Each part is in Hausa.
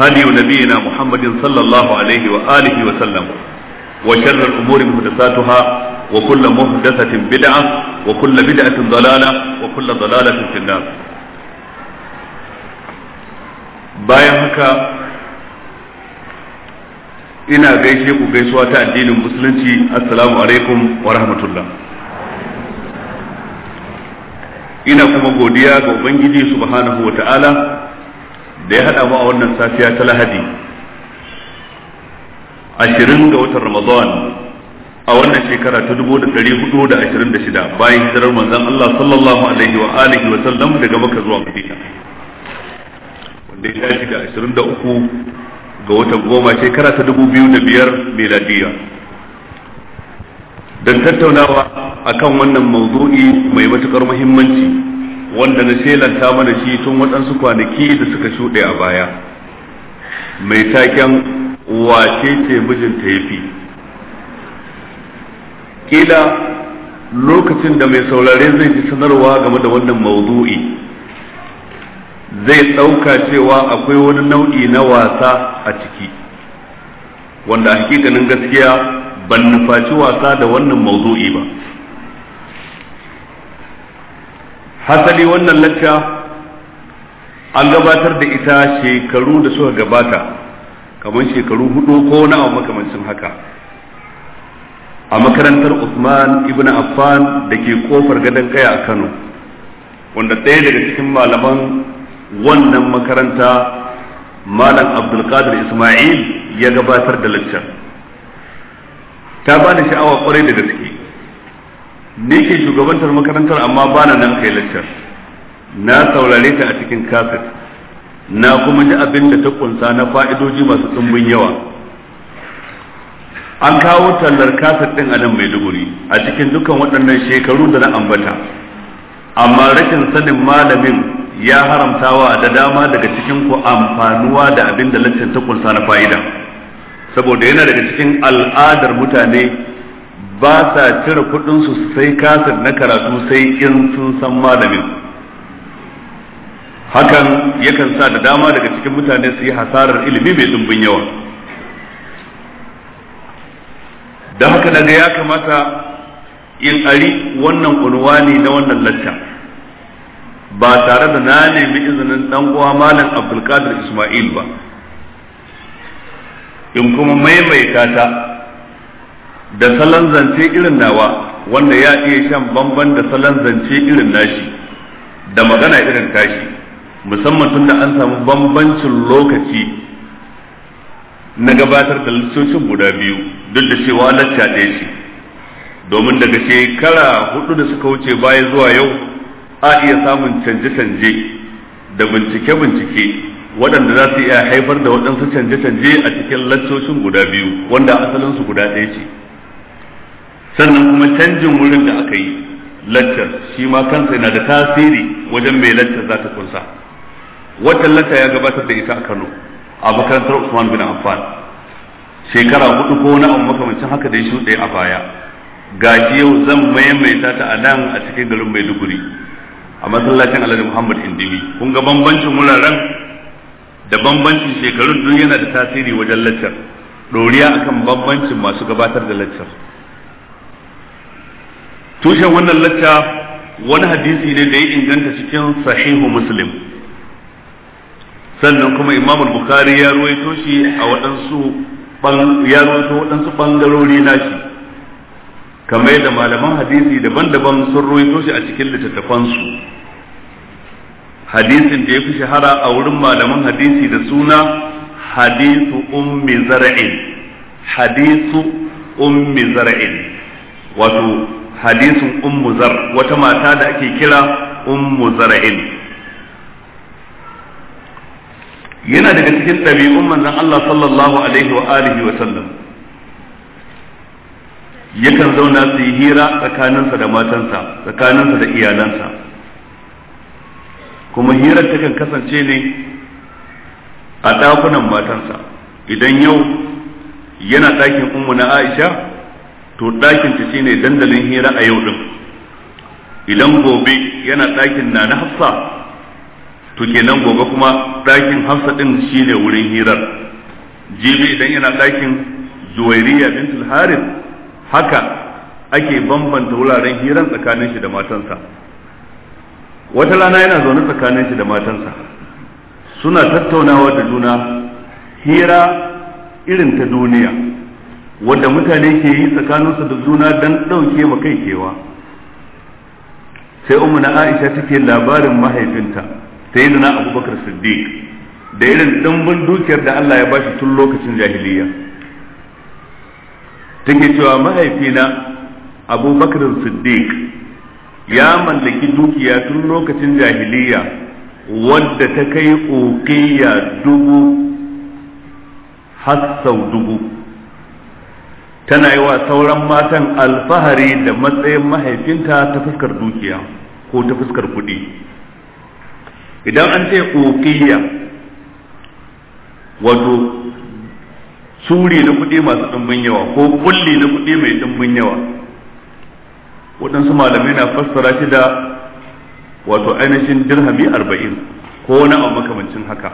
هدي نبينا محمد صلى الله عليه وآله وسلم وشر الأمور محدثاتها وكل محدثة بدعة وكل بدعة ضلالة وكل ضلالة في النار bayan haka ina gaishe ku gaisuwa ta addinin musulunci assalamu alaikum wa rahmatullah ina kuma godiya ga ubangiji subhanahu ta'ala da ya hada mu a wannan safiya ta lahadi ashirin ga watan ramadan a wannan shekara ta dubu da dari hudu da ashirin da shida bayan hijirar manzon Allah sallallahu alaihi wa alihi wa sallam daga maka zuwa madina wanda ya shi da ashirin da uku ga watan goma shekara ta dubu biyu da biyar miladiya don tattaunawa akan wannan mawdu'i mai matukar muhimmanci wanda na shelanta mana shi tun waɗansu kwanaki da suka shuɗe a baya mai taken wace ce mijinta ya fi ƙila lokacin da mai saurare zai ji sanarwa game da wannan maudu'i zai ɗauka cewa akwai wani nau'i na wasa a ciki wanda hakikanin gaskiya ban nufaci wasa da wannan maudu'i ba hasali wannan lacca an gabatar da ita shekaru da suka gabata kamar shekaru hudu ko na abu makamancin haka a makarantar Usman ibn Affan da ke kofar gadon kaya a Kano wanda ɗaya daga cikin malaman wannan makaranta malam abdulkadir ismail ya gabatar da laccar ta ba da sha'awa kwarai da gaske ni ke shugabantar makarantar amma ba na nan kai laccar na saurare ta a cikin kafet na kuma ji abin da ta kunsa na fa'idoji masu tsumbin yawa an kawo tallar kafet din a nan maiduguri a cikin dukkan waɗannan shekaru da na ambata amma rashin sanin malamin ya haramtawa da dama daga cikin ku amfanuwa da abin da ta kunsa na fa'ida saboda yana daga cikin al'adar mutane ba sa cire kudin su sai kasir na karatu sai in sun san malamin hakan yakan sa da dama daga cikin mutane su yi hasarar ilimi mai dumbin yawa da haka daga ya kamata in ari wannan unwani na wannan lacca, ba tare da na nemi izinin dan uwa malam abdulkadir ismail ba in kuma maimaita ta da salon zance irin nawa wanda ya iya shan bamban da salon zance irin nashi da magana irin tashi musamman tun da an samu bambancin lokaci na gabatar da lissocin guda biyu duk da cewa lacca ɗaya ce domin daga shekara hudu da suka wuce bayan zuwa yau a iya samun canje-canje da bincike-bincike waɗanda za su iya haifar da waɗansu canje-canje a cikin laccocin guda biyu wanda asalinsu guda ɗaya ce sannan kuma canjin wurin da aka yi laccar shi ma kansa yana da tasiri wajen mai laccar za ta kunsa wata lacca ya gabatar da ita a Kano a makarantar Usman bin Affan shekara hudu ko wani abu makamancin haka da ya shuɗe a baya gashi yau zan maimaita ta a nan a cikin garin Maiduguri a masallacin Alhaji Muhammad Indimi kun ga bambancin wuraren da bambancin shekarun duk yana da tasiri wajen laccar doriya akan bambancin masu gabatar da laccar tushen wannan lacca wani hadisi ne da ya inganta cikin sahihu muslim sannan kuma imam bukhari ya ruwaito shi a waɗansu ya ruwaito waɗansu ɓangarori na shi kamar yadda malaman hadisi daban-daban sun ruwaito shi a cikin littattafansu hadisin da ya fi shahara a wurin malaman hadisi da suna hadisu ummi zara'in hadisu ummi zara'in wato hadisin ummu zar wata mata da ake kira ummu zara'il yana daga cikin ɗabi'un manzon Allah sallallahu alaihi wa alihi wa sallam yakan zauna su yi hira tsakaninsa da matansa tsakaninsa da iyalansa kuma hirar takan kasance ne a ɗakunan matansa idan yau yana ɗakin ummu na Aisha to ɗakin ta shine dandalin hira a yau din idan gobe yana ɗakin na na hafsa to kenan gobe kuma ɗakin hafsa din shine wurin hirar jibi idan yana ɗakin zuwairiya bintul harith haka ake bambanta wuraren hiran tsakanin shi da matansa wata rana yana zaune tsakanin shi da matansa suna tattaunawa da juna hira irin ta duniya wanda mutane ke yi tsakaninsu da juna don ɗauke ma kai kewa sai umu na aisha take labarin mahaifinta sai da na abubakar siddiq da irin ɗanbin dukiyar da allah ya bashi tun lokacin jahiliya take cewa mahaifina abubakar siddiq ya mallaki dukiya tun lokacin jahiliya wadda ta kai ƙoƙiya dubu har dubu tana yi wa sauran matan alfahari da matsayin mahaifinta ta fuskar dukiya ko ta fuskar kuɗi idan an ce uqiyya wato suri na kuɗi masu ɗumbin yawa ko kulli na kuɗi mai ɗumbin yawa waɗansu malamai na fassara shi da wato ainihin dirhami arba'in ko wani abu makamancin haka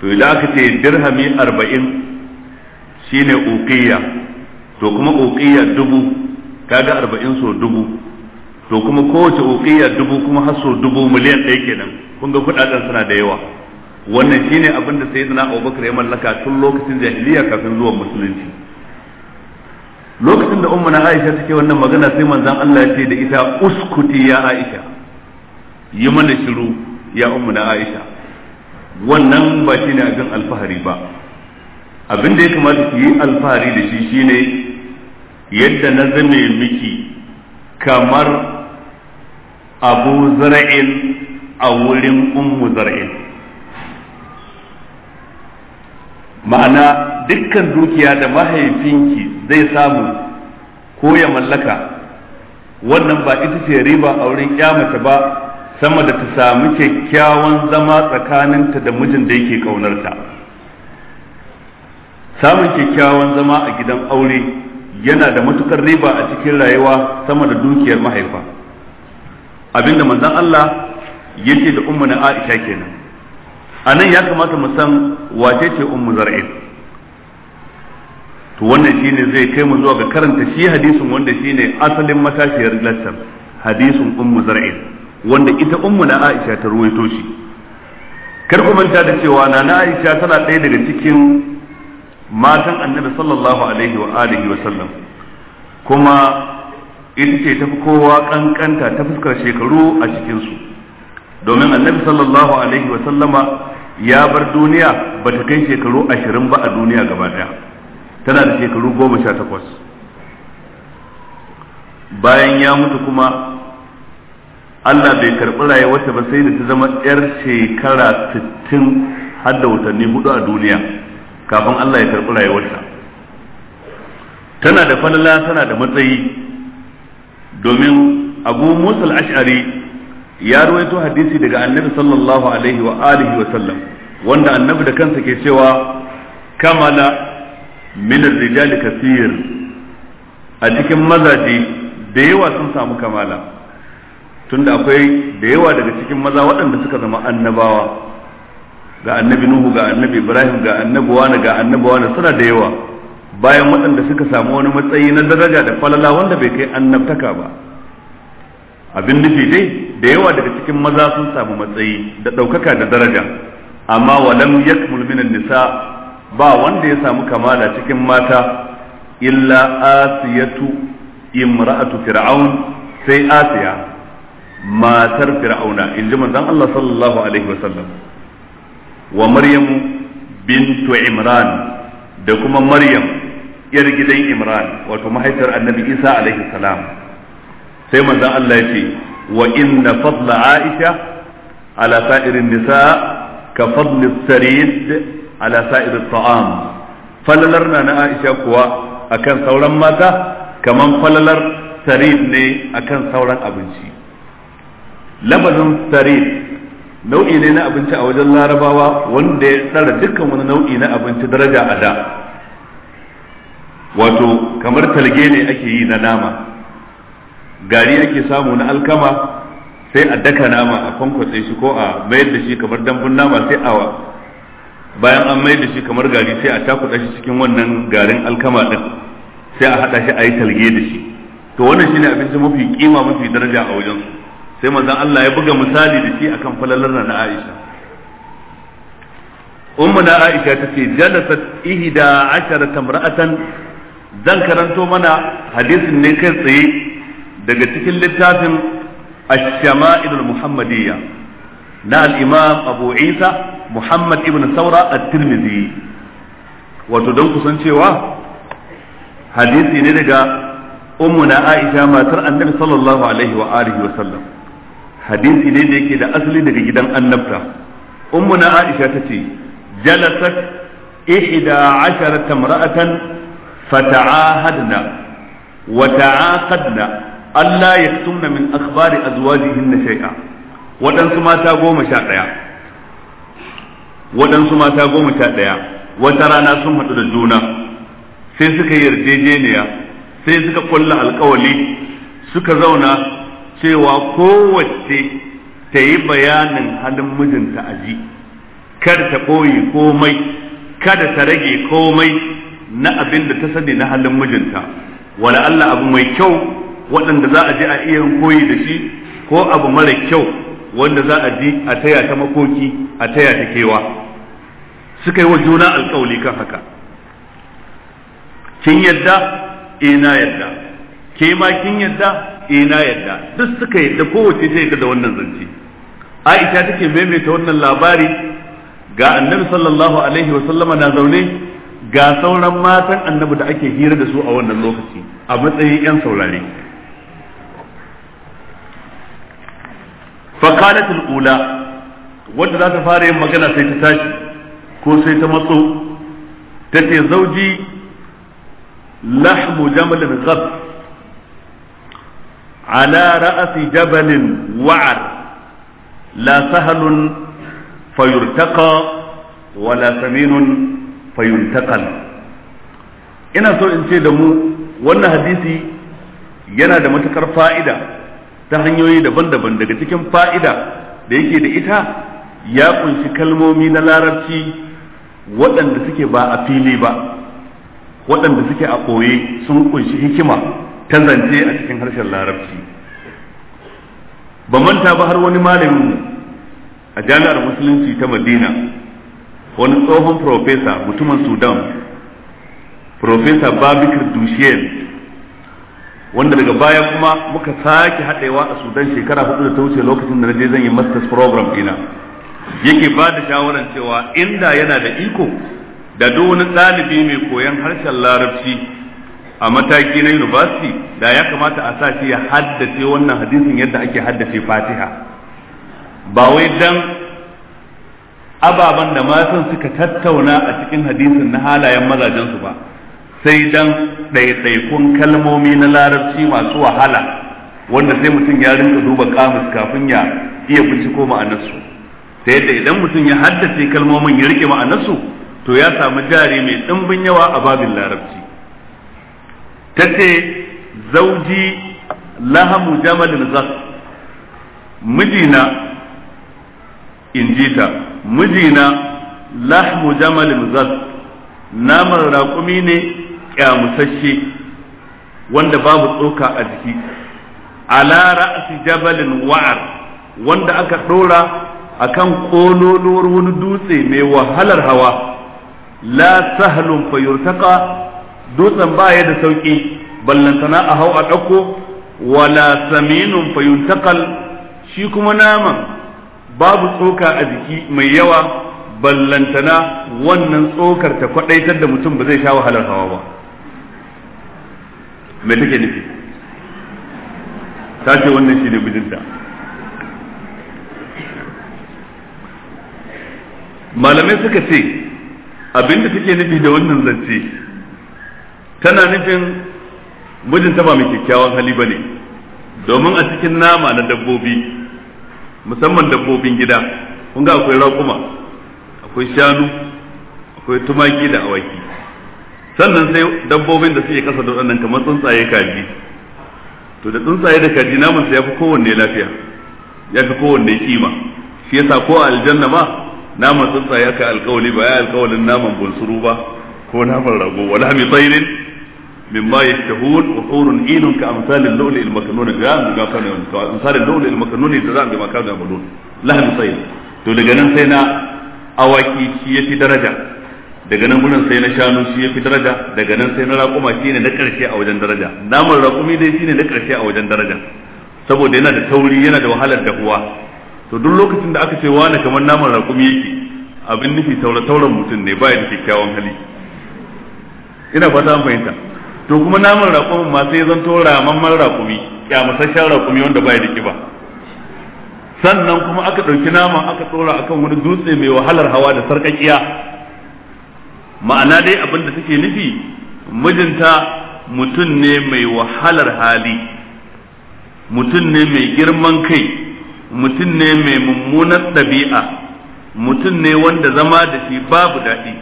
to idan aka ce dirhami arba'in shine uqiyya to kuma uqiyya dubu kaga arba'in so dubu to kuma kowace uqiyya dubu kuma har so dubu miliyan ɗaya kenan kun ga kuɗaɗen suna da yawa wannan shine abin da sayyidina Abubakar ya mallaka tun lokacin jahiliya kafin zuwa musulunci lokacin da ummu na Aisha take wannan magana sai manzon Allah ya ce da ita uskuti ya Aisha yi mana shiru ya ummu na Aisha wannan ba shine abin alfahari ba abin da ya kamata ku yi alfahari da shi shine yadda na zame miki kamar abu zara'in a wurin ummu zara'in ma'ana dukkan dukiya da mahaifinki zai samu ko ya mallaka wannan ba ita ce riba a wurin kyamata ba sama da ta samu kyakkyawan zama tsakaninta da mijin da yake ƙaunarta. samun kyakkyawan zama a gidan aure yana da matukar riba a cikin rayuwa sama da dukiyar mahaifa abinda manzon Allah yake da ummu na Aisha kenan anan ya kamata mu san wace ce ummu zar'in to wannan shine zai kai mu zuwa ga karanta shi hadisin wanda shine asalin matashiyar lattar hadisin ummu zar'in wanda ita ummu na Aisha ta ruwaito shi kar manta da cewa na Aisha tana ɗaya daga cikin matan annabi sallallahu alaihi wa alihi wa sallam kuma ita ce tafi kowa kankanta ta fuskar shekaru a cikinsu domin annabi sallallahu alaihi wa sallama ya bar duniya ba ta kai shekaru ashirin ba a duniya gaba daya tana da shekaru goma sha takwas bayan ya mutu kuma Allah bai karɓi rayuwarta ba sai da ta zama 'yar shekara sittin har da watanni hudu a duniya kafin Allah ya karɓi rayuwarsa tana da falala tana da matsayi domin abu musul ash'ari ya ruwaito hadisi daga annabi sallallahu alaihi wa alihi wa sallam wanda annabi da kansa ke cewa kamala min rijal kaseer a cikin mazaje da yawa sun samu kamala tunda akwai da yawa daga cikin maza waɗanda suka zama annabawa ga annabi nuhu ga annabi ibrahim ga annabi wani ga annabi wani suna da yawa bayan waɗanda suka samu wani matsayi na daraja da falala wanda bai kai annabtaka ba abin nufi dai da yawa daga cikin maza sun samu matsayi da ɗaukaka da daraja amma walam yakmul minan nisa ba wanda ya samu kamala cikin mata illa asiyatu imra'atu fir'aun sai asiya matar fir'auna in ji manzon Allah sallallahu alaihi wasallam wa maryamu bintu imran da kuma maryam yar gidan imran wato mahaifiyar annabi isa alaihi salam sai manzon Allah ya ce wa inna fadla aisha ala sa'irin nisa ka fadli sarid ala sa'irin ta'am falalar na na aisha kuwa akan sauran mata kaman falalar sarid ne akan sauran abinci lafazin sarid nau'i ne na abinci a wajen larabawa wanda ya tsara dukkan wani nau'i na abinci daraja a da wato kamar talge ne ake yi na nama gari ake samu na alkama sai a daka nama a kwankwatse shi ko a mayar da shi kamar dambun nama sai awa. bayan an mayar da shi kamar gari sai a takuɗa shi cikin wannan garin alkama ɗin sai a haɗa shi a yi talge da shi to wannan shine abinci mafi kima mafi daraja a wajen su sai manzon Allah ya buga misali da shi akan falalar na Aisha ummu na Aisha tace jalasat ihda ashara tamra'atan zan karanto mana hadisin ne kai tsaye daga cikin littafin الشمائل المحمدية نا الإمام أبو عيسى محمد ابن ثورة الترمذي وتدنك سنشيوا حديثي نرجع أمنا عائشة ما ترى النبي صلى الله عليه وآله وسلم hadisi ne da yake da asali daga gidan annabta ummuna aisha ta ce jalasat ihda ashara tamra'atan fata'ahadna wa ta'aqadna alla yaktumna min akhbari azwajihin shay'a waɗansu mata goma sha ɗaya waɗansu mata goma sha ɗaya wata rana sun hadu da juna sai suka yarjejeniya sai suka kulla alkawali suka zauna cewa kowace ta yi bayanin halin mijinta a ji kar ta ɓoye komai kada ta rage komai na abin da ta sani na halin mijinta wala Allah abu mai kyau waɗanda za a ji a iya koyi da shi ko abu mara kyau wanda za a ji a taya ta makoki a taya ta kewa suka yi wa juna alkawali kan haka kin yadda ina eh, yadda ke ma kin yadda eh na yadda duk suka yadda kowace ta yadda da wannan zance Aisha take maimaita wannan labari ga Annabi sallallahu alaihi wa sallama na zaune ga sauran matan Annabi da ake hira da su a wannan lokaci a matsayin yan saurare faqalat al-ula wanda za ta fara yin magana sai ta tashi ko sai ta matso tace zauji lahmu jamalin ghab على رأس جبل وعر لا سهل فيرتقى ولا سمين فينتقل ina so in ce da mu wannan hadisi yana da matukar fa'ida ta hanyoyi daban-daban daga cikin fa'ida da yake da ita ya kunshi kalmomi na larabci waɗanda suke ba a fili ba waɗanda suke a ƙoye sun kunshi hikima ta a cikin harshen larabci ba manta ba har wani malamin mu a jami'ar musulunci ta madina wani tsohon profesa mutumin sudan profesa babikir dushen wanda daga baya kuma muka sake haɗewa a sudan shekara hudu da ta wuce lokacin da na je zan yi masters program ɗina yake ba da shawarar cewa inda yana da iko da duk wani ɗalibi mai koyon harshen larabci a mataki na university da ya kamata a sa shi ya haddace wannan hadisin yadda ake haddace fatiha ba wai dan ababan da matan suka tattauna a cikin hadisin na halayen mazajensu ba sai dan ɗaiɗaikun kalmomi na larabci masu wahala wanda sai mutum ya rinka duba kamus kafin ya iya binciko ma'anarsu ta yadda idan mutum ya haddace kalmomin ya rike ma'anarsu to ya samu jari mai ɗimbin yawa a babin larabci tace zauji lahamu jamalin Zas, mijina injita mijina lahmu jamalin Zas, namar raƙumi ne kyamusasshe wanda babu tsoka a jiki ala ra'asi jabalin wa'ar wanda aka ɗora akan kololuwar wani dutse mai wahalar hawa la sahlun fayurtaka dutsen ba ya da sauki ballantana a hau a ɗauko wala saminun fayuntakal shi kuma naman babu tsoka a jiki mai yawa ballantana wannan tsokar ta kwadaitar da mutum ba zai sha wahalar hawa ba me take nufi ta ce wannan shi ne bijinta malamai suka ce abinda take nufi da wannan zance tana nufin mijinta ba mai kyakkyawan hali ba ne domin a cikin nama na dabbobi musamman dabbobin gida kun ga akwai raƙuma akwai shanu akwai tumaki da awaki sannan sai dabbobin da suke kasa da waɗannan kamar tsuntsaye kaji to da tsuntsaye da kaji naman sa yafi kowanne lafiya ya fi kowanne kima shi yasa ko aljanna ma naman tsuntsaye aka alƙawali ba ya alƙawalin naman bunsuru ba ko naman rago wala mi tsairin mimma yashtahun wa hurun inun ka lawli al makanun ga ga kana lawli al makanun da za ga maka ga lahmi to daga nan sai na awaki shi yafi daraja daga nan gurin sai na shanu shi yafi daraja daga nan sai na shi ne na a wajen daraja raƙumi dai shi ne na a wajen daraja saboda yana da tauri yana da wahalar dahuwa to duk lokacin da aka ce wani kamar naman raƙumi yake abin nufi taura tauran mutum ne baya da kyakkyawan hali ina fata an fahimta to kuma naman raƙumin ma sai zan zanto rakumi raƙumi kyamasasshen raƙumi wanda baya da kiba sannan kuma aka ɗauki naman aka tsora akan wani dutse mai wahalar hawa da sarƙaƙiya ma'ana dai abin da take nufi mijinta mutum ne mai wahalar hali mutum ne mai girman kai mutum ne mai mummunar ɗabi'a mutum ne wanda zama da shi babu daɗi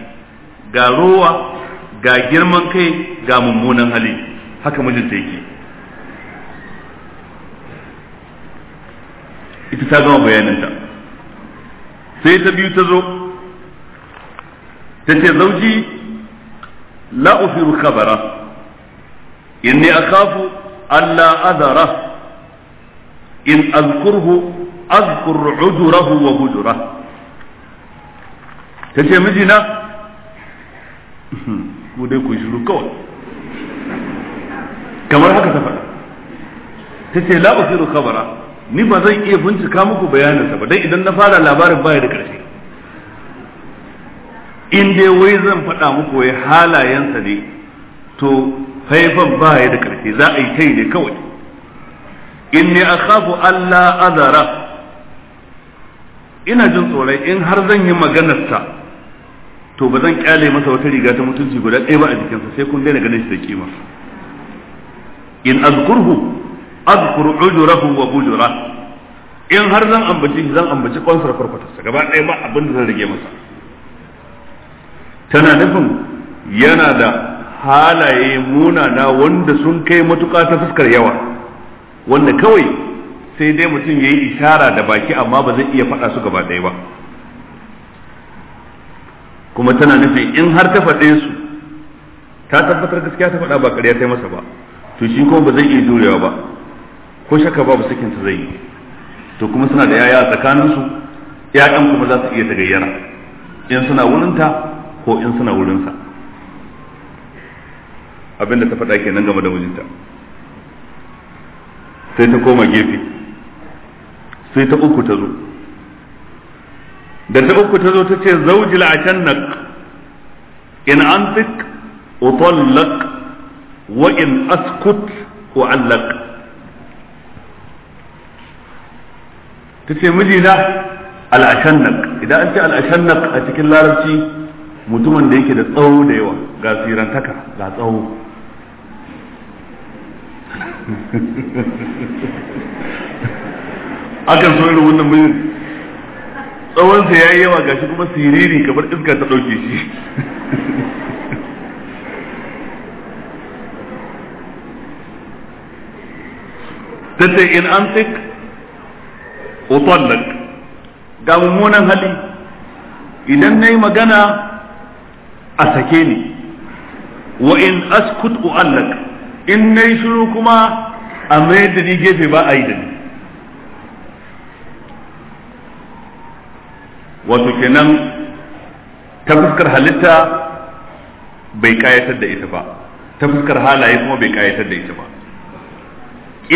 ga rowa ga girman kai ga mummunan hali haka mijinta yake ita ta gama bayaninta sai ta biyu ta zo ta ce zauji la ufiru khabara inni akhafu allah adara in azkurhu azkur udurahu wa hujura ta ce mijina ku dai ku shiru kawai kamar haka ta faɗa ta ce la usiru khabara ni ba zan iya bincika muku bayanin ba dan idan na fara labarin baya da ƙarshe in dai wai zan faɗa muku wai halayensa ne to faifan baya da ƙarshe za a yi kai ne kawai In a akhafu Allah azara ina jin tsoron in har zan yi maganarsa to ba zan kyale masa wata riga ta mutunci guda ɗaya ba a jikinsa sai kun daina ganin shi da kima in azkurhu azkuru ujurahu wa bujura in har zan ambaci shi zan ambaci kwansar farfatarsa gaba ɗaya ba abin da zan rage masa tana nufin yana da halaye munana wanda sun kai matuƙa ta fuskar yawa wanda kawai sai dai mutum ya yi ishara da baki amma ba zai iya faɗa su gaba ɗaya ba kuma tana nufi in har ta faɗe su ta tabbatar gaskiya ta faɗa ba ƙarya ta masa ba to shi kuma ba zai iya jurewa ba ko shaka babu sakin ta zai yi to kuma suna da yaya tsakanin su ƴaƴan kuma za su iya ta gayyana in suna wurinta ko in suna wurinsa da ta faɗa kenan game da mijinta sai ta koma gefe sai ta uku ta zo da ta uku ta zo ta ce zaujil ashannaq in antik utallak wa in askut u'allaq ta ce mijina al'ashannaq idan an ce al'ashannaq a cikin larabci mutumin da yake da tsawo da yawa ga sirantaka ga tsawo akan so irin wannan mijin tsawon ya yi yawa gashi kuma siriri kamar iska ta dauke shi tace in antik utallak ga mummunan hali idan nayi magana a sake ni wa in askut uallak in nayi shiru kuma a mayar da ni gefe ba a yi da ni wato kenan ta fuskar halitta bai kayatar da ita ba ta fuskar halaye kuma bai kayatar da ita ba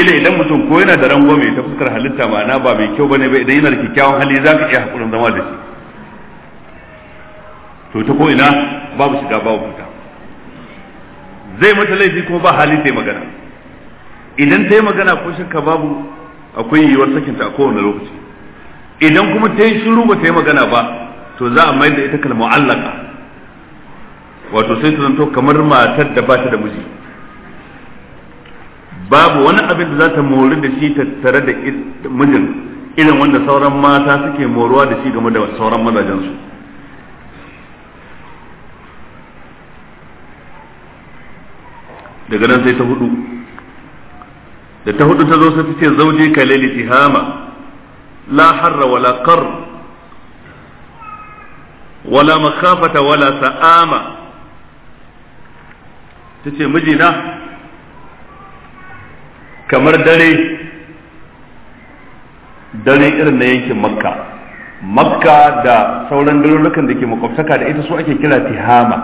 ila idan mutum ko yana da mai ta fuskar halitta ma'ana ba mai kyau bane ba idan yana da kyakkyawan hali za ka iya hakurin zama da shi to ta ko ina babu shiga babu fita zai mata laifi kuma ba hali sai magana idan ta yi magana ko shakka babu akwai yiwuwar sakinta a kowane lokaci idan kuma ta yi shiru ba ta yi magana ba to za a mayar da ita kalma allaka wato sai ta zanto kamar matar da ba ta da miji babu wani abin da za ta mori da shi tare da mijin irin wanda sauran mata suke moruwa da shi game da sauran mazajensu daga nan sai ta hudu da ta hudu ta zo sai ta ce zauje kalili tihama la harra wala qar wala wala sa'ama tace mijina kamar dare dare irin na yankin makka makka da sauran garurukan da ke makwabtaka da ita su ake kira tihama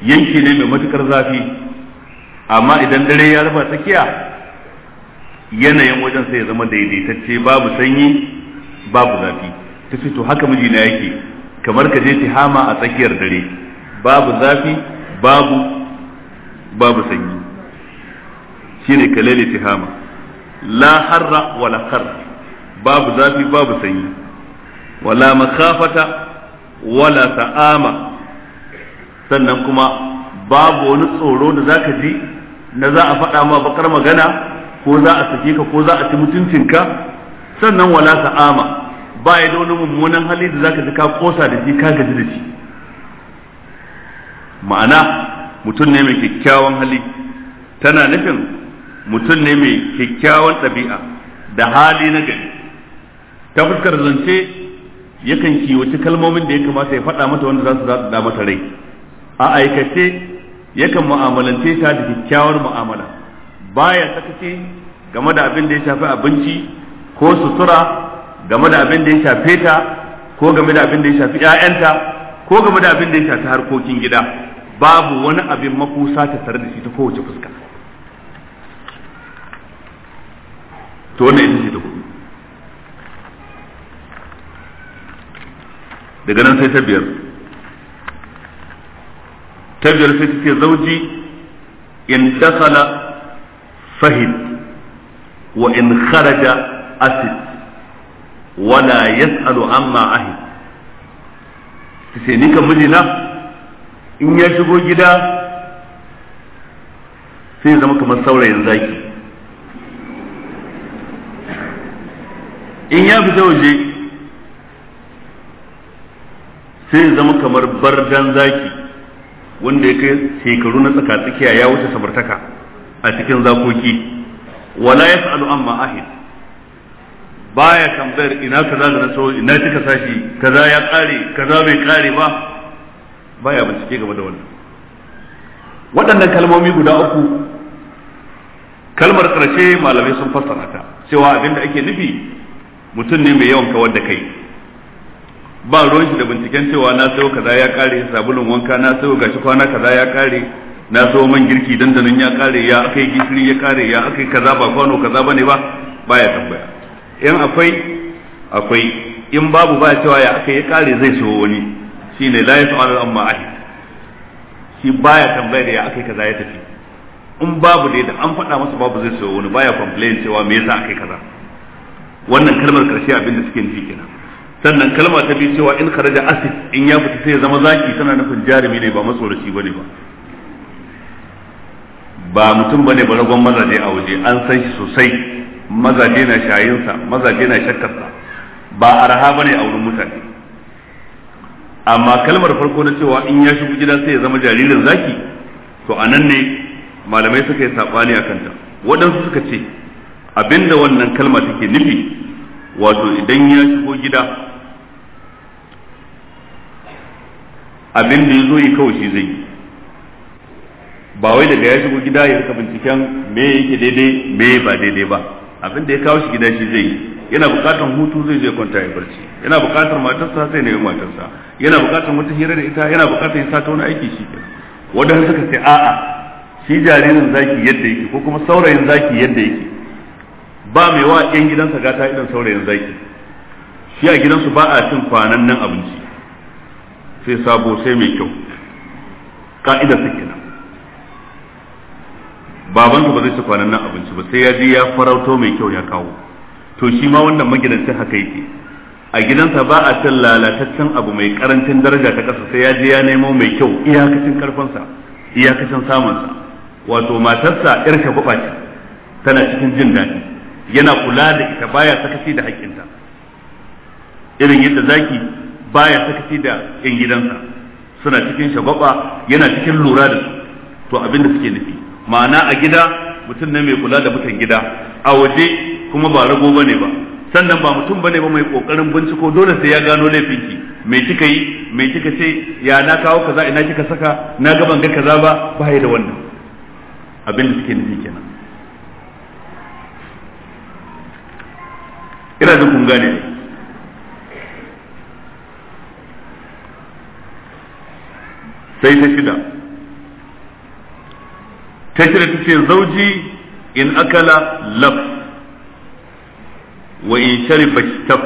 yanki ne mai matukar zafi amma idan dare ya raba tsakiya yanayin wajen sai ya zama daidaitacce babu sanyi babu zafi ta ce to haka mijina yake kamar ka je tihama a tsakiyar dare babu zafi babu babu sanyi shi ne kalele tihama la harra wala har babu zafi babu sanyi wala makafata wala ta'ama sannan kuma babu wani tsoro da zaka ji na za a faɗa ma bakar magana ko za a sake ka ko za a ci mutuncinka sannan wala sa'ama ba ya da wani mummunan hali da zaka ji ka kosa da shi ka gaji da shi ma'ana mutum ne mai kyakkyawan hali tana nufin mutum ne mai kyakkyawan ɗabi'a da hali na gari ta fuskar zance yakan kiwaci kalmomin da ya kamata ya faɗa mata wanda za su zaɗa mata rai a aikace yakan mu'amalance ta da kyakkyawar ma'amala. baya sakace game da abin da ya shafi abinci ko sutura game da abin da ya shafe ta ko game da abin da ya shafi ƴaƴanta ko game da abin da ya shafi harkokin gida babu wani abin makusa ta tare da shi ta kowace fuska to wannan ita ce ta hudu daga nan sai ta biyar ta biyar sai ta ce zauji in dakala فهد wa in أسد ولا يسأل عما amma تسينيك sai ni يشبه جدا in ya shigo gida sai zama kamar saurayin waje sai zama kamar bardan zaki wanda ya kai shekaru na tsakatsakiya ya wuce samartaka a cikin zakoki wala ya sa'alu amma ahid baya tambayar ina kaza da naso ina kika sashi kaza ya kare kaza bai kare ba baya bincike game da wannan waɗannan kalmomi guda uku kalmar ƙarshe malamai sun fassara ta cewa abinda ake nufi mutum ne mai yawan kawar da kai ba ruwan shi da binciken cewa na sayo kaza ya kare sabulun wanka na sayo gashi kwana kaza ya kare na so man girki dandanan ya kare ya akai gishiri ya kare ya akai kaza ba kwano kaza bane ba baya tambaya in akwai akwai in babu ba cewa ya akai ya kare zai so wani shine la yasalu amma ahid shi baya tambaya da ya akai kaza ya tafi in babu dai da an faɗa masa babu zai so wani baya complain cewa me yasa akai kaza wannan kalmar karshe abin da suke nufi kenan sannan kalma ta biyu cewa in kharaja asid in ya fita sai ya zama zaki tana nufin jarumi ne ba matsoraci bane ba ba mutum bane baragon mazaje a waje an san shi sosai mazaje na shayinsa mazaje na shakkarsa ba arha bane a wurin mutane amma kalmar farko na cewa in ya shigo gida sai ya zama jaririn zaki to a nan ne malamai suka yi sabani a kanta waɗansu suka ce abinda wannan kalma take nufi wato idan ya shigo gida abinda ya zo yi kawai shi zai yi ba wai daga ya shigo gida ya rika binciken me yake daidai me ba daidai ba abin da ya kawo shi gida shi zai yana bukatar hutu zai je kwanta ya barci yana bukatar matarsa sai nemi matarsa yana bukatar wata hira da ita yana bukatar ya sata wani aiki shi wanda suka ce a'a shi jaririn zaki yadda yake ko kuma saurayin zaki yadda yake ba mai wa yan gidansa gata idan saurayin zaki shi a gidansu ba a cin kwanan nan abinci sai sabo sai mai kyau ka'idar su baban ba zai ci kwanan nan abinci ba sai ya je ya farauto mai kyau ya kawo to shi ma wannan magidancin haka yake a gidansa ba a cin lalataccen abu mai karancin daraja ta ƙasa sai ya je ya nemo mai kyau iyakacin karfansa iyakacin samunsa wato matarsa yar shagwaba ce tana cikin jin daɗi yana kula da ita baya sakaci da haƙƙinta irin yadda zaki baya sakaci da 'yan gidansa suna cikin shagwaba yana cikin lura da su to abin da suke nufi ma'ana a gida mutum ne mai kula da mutan gida a waje kuma ba rago bane ba sannan ba mutum bane ba mai kokarin binciko dole sai ya gano laifinki me kika yi me kika ce ya na kawo kaza ina kika saka na ga ban ga kaza ba ba da wannan abin da suke nufi kenan ina da kun gane sai ta shida ta shida ta ce zauji in akala laf wa in sharifa taf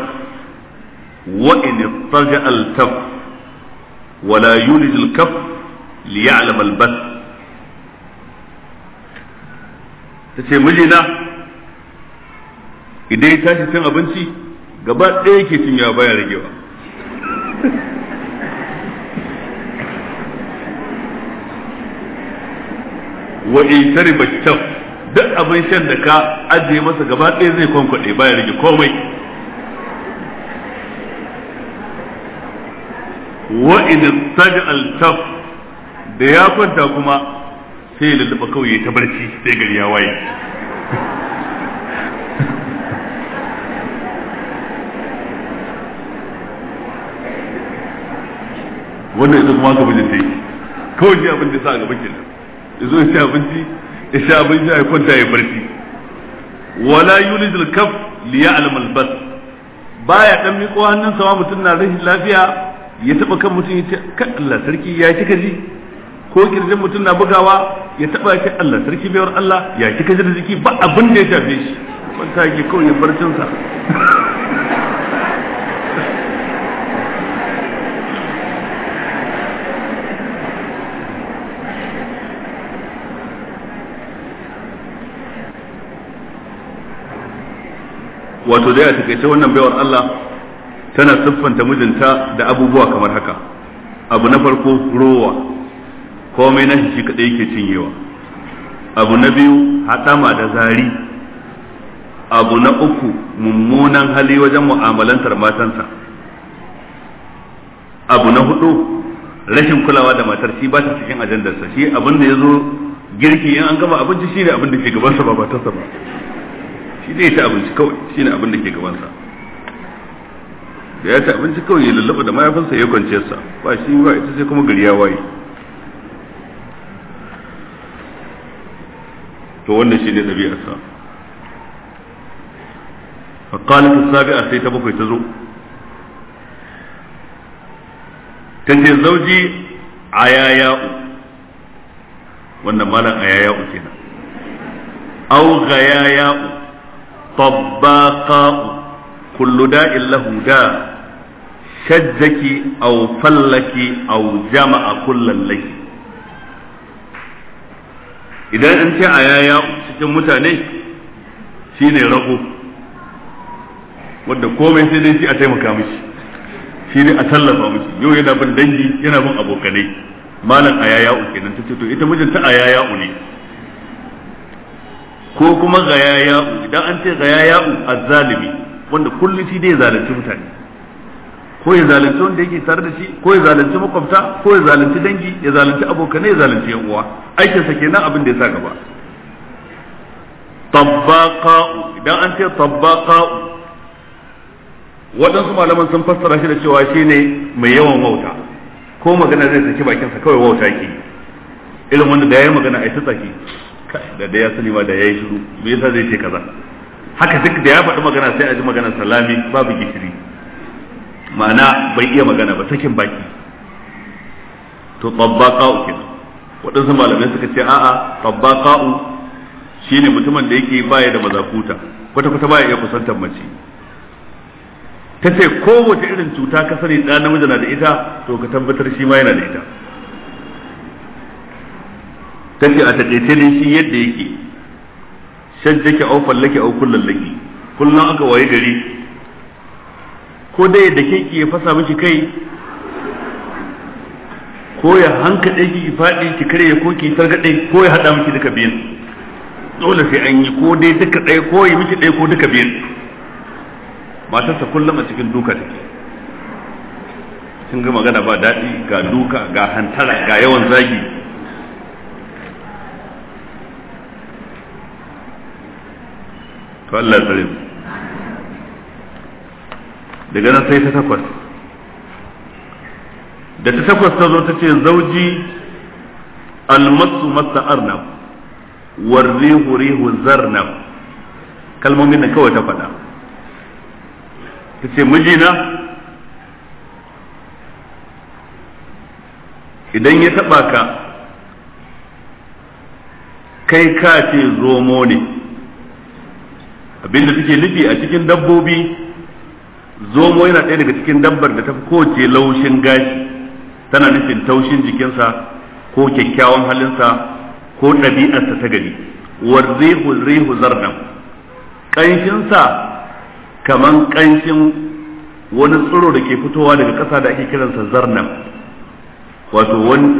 wa in ittaja al taf wa la yulid al kaf li ya'lam al bas ta ce mijina idan ya tashi cin abinci gaba ɗaya ke cin ya baya ragewa wa itari shariba duk abin shan da ka ajiye masa gaba ɗaya zai kwankwaɗe baya rage komai wa in sajal shaf da ya kwanta kuma sai ya lullaba kawai ya ta barci sai gari ya waye wannan ita kuma ka bijin yi kawai ji abin da sa a gaban kenan ya ya ci abinci ya sha abinci ya kwanta ya barci wala yulijul kaf li ya'lam al bas baya dan miƙo hannun sawa mutum na rashin lafiya ya taba kan mutum ya ce kan Allah sarki ya kika ji ko kirjin mutum na bugawa ya taba ya ce Allah sarki bayar Allah ya kika ji da jiki ba abin da ya shafe shi kwanta yake kawai barcin sa wato dai a takaice wannan baiwar Allah tana siffanta mijinta da abubuwa kamar haka abu na farko rowa komai na shi kadai yake cinyewa abu na biyu hadama da zari abu na uku mummunan hali wajen mu'amalantar matansa abu na hudu rashin kulawa da matar shi ba ta cikin ajandarsa shi abin ya zo girki in an gama abinci shi ne abin da ke gabansa ba matarsa ba shi zai ta abinci kawai shine abin da ke gabansa da ya ta abinci kawai ya lullaba da mayafinsa ya kwanciyar sa ba shi ba ita sai kuma gari ya waye to wannan shine ɗabi'ar sa fa qalat sabi'a sai ta bakwai ta zo tace zauji yayau wannan malam yayau kenan au yayau? طباقاء كل داء له داء شجك أو فلك أو جمع كل الليل idan an ce a yaya cikin mutane shine rago wadda komai sai dai shi a taimaka mishi shi ne a tallafa mishi yau yana bin dangi yana bin abokanai malam a yaya kenan ta ce to ita mijinta a yaya ne ko kuma gaya ya'u idan an ce gaya a zalimi wanda kullum shi dai zalunci mutane ko ya zalunci wanda yake tare da shi ko ya zalunci makwabta ko ya zalunci dangi ya zalunci abokanai ya zalunci yan uwa aikin sa kenan abin da ya sa gaba tabbaqa'u idan an ce tabbaqa'u waɗansu malaman sun fassara shi da cewa shine mai yawan wauta ko magana zai saki bakinsa kawai wauta ke irin wanda da yayi magana ai ta tsaki da da ya sani ma da ya yi shiru me yasa zai ce kaza haka duk da ya faɗi magana sai a ji magana salami babu gishiri ma'ana bai iya magana ba sakin baki to tabbaqa'u kenan waɗansu malamai suka ce a'a tabbaqa'u shine mutumin da yake baya da mazakuta kwata kwata baya iya kusantar mace ta ce kowace irin cuta ka sani ɗan namiji na da ita to ka tabbatar shi ma yana da ita take a takaice ne shi yadda yake take au fallake au laki kullum aka waye gari ko dai da ke ke fasa miki kai ko ya hanka hankade ki fadi ki kare ko ki targade ko ya hada miki duka biyan dole sai an yi ko dai duka dai ko ya miki dai ko duka biyan matarsa kullum a cikin duka take sun ga magana ba daɗi ga duka ga hantara ga yawan zagi Allah tsare mu daga nan sai ta takwas da ta takwas ta zo ta ce zauji almasu masa arnab warrihu rihu na kalmomin da kawai ta faɗa ta ce mijina idan ya taɓa ka kai ka ce zomo ne abinda suke nufi a cikin dabbobi zomo yana ɗaya daga cikin dabbar da ta fi kowace laushin gashi tana nufin taushin jikinsa ko kyakkyawan halinsa ko ɗabi'arsa ta gari warzihu rihu zardan ƙanshinsa kaman ƙanshin wani tsiro da ke fitowa daga ƙasa da ake kiransa zarnan wato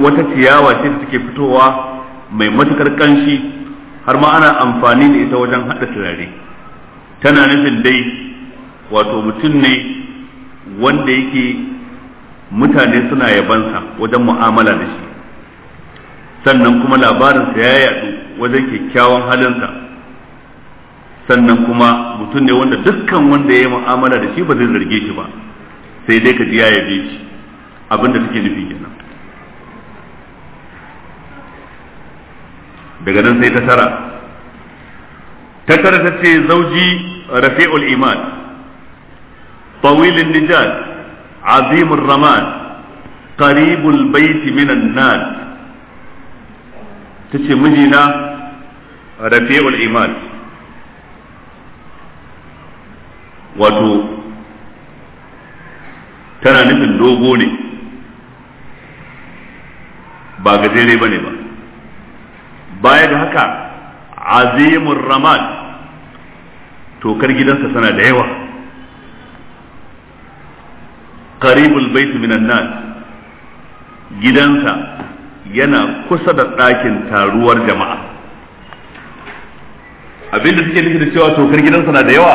wata ciyawa ce da take fitowa mai matukar ƙanshi har ma ana amfani da ita wajen haɗa turare tana nufin dai wato mutum ne wanda yake mutane suna yabansa wajen mu'amala da shi sannan kuma labarinsa ya yadu wajen kyakkyawan halinsa sannan kuma mutum ne wanda dukkan wanda ya yi mu'amala da shi ba zai zarge shi ba sai dai ka ji ya yabe shi abinda take nufi kenan daga nan sai ta tara ta tara ta ce zauji rafi'ul iman tawilin nijal azimur raman qaribul baiti minan nan ta ce mijina rafi'ul iman wato tana nufin dogo ne ba gajere ba ne ba baya da haka azimur ramal tokar gidansa sana da yawa qaribul bait minan nas gidansa yana kusa da ɗakin taruwar jama'a abinda suke nufi da cewa tokar gidansa na da yawa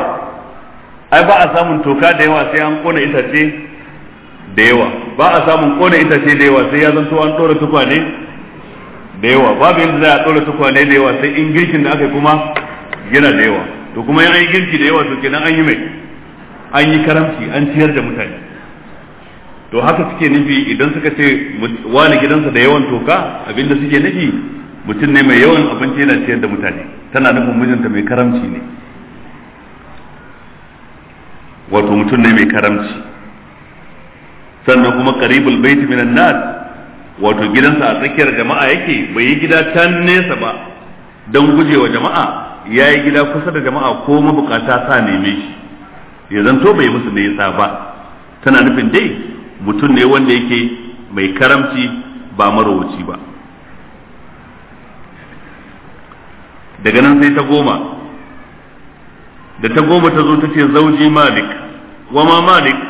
ai ba a samun toka da yawa sai an kona itace da yawa ba a samun kona itace da yawa sai ya zanto an ɗora ne? da yawa babu yadda za a tsora tukwane da yawa sai in girkin da aka kuma yana da yawa to kuma yan girki da yawa to kenan an yi mai an yi karamci an ciyar da mutane to haka suke nufi idan suka ce wani gidansa da yawan toka abinda suke nufi mutum ne mai yawan abinci yana ciyar da mutane tana nufin mijinta mai karamci ne wato mutum ne mai karamci sannan kuma karibul baiti minan nas wato gidansa a tsakiyar jama'a yake bai yi gida ta nesa ba don gujewa jama'a ya yi gida kusa da jama'a ko mabukata sa neme shi ya zanto bai musu nesa ba tana nufin dai mutum ne wanda yake mai karamci ba marowaci ba daga nan sai ta goma da ta goma ta zo ta ce zauji malik wa ma malik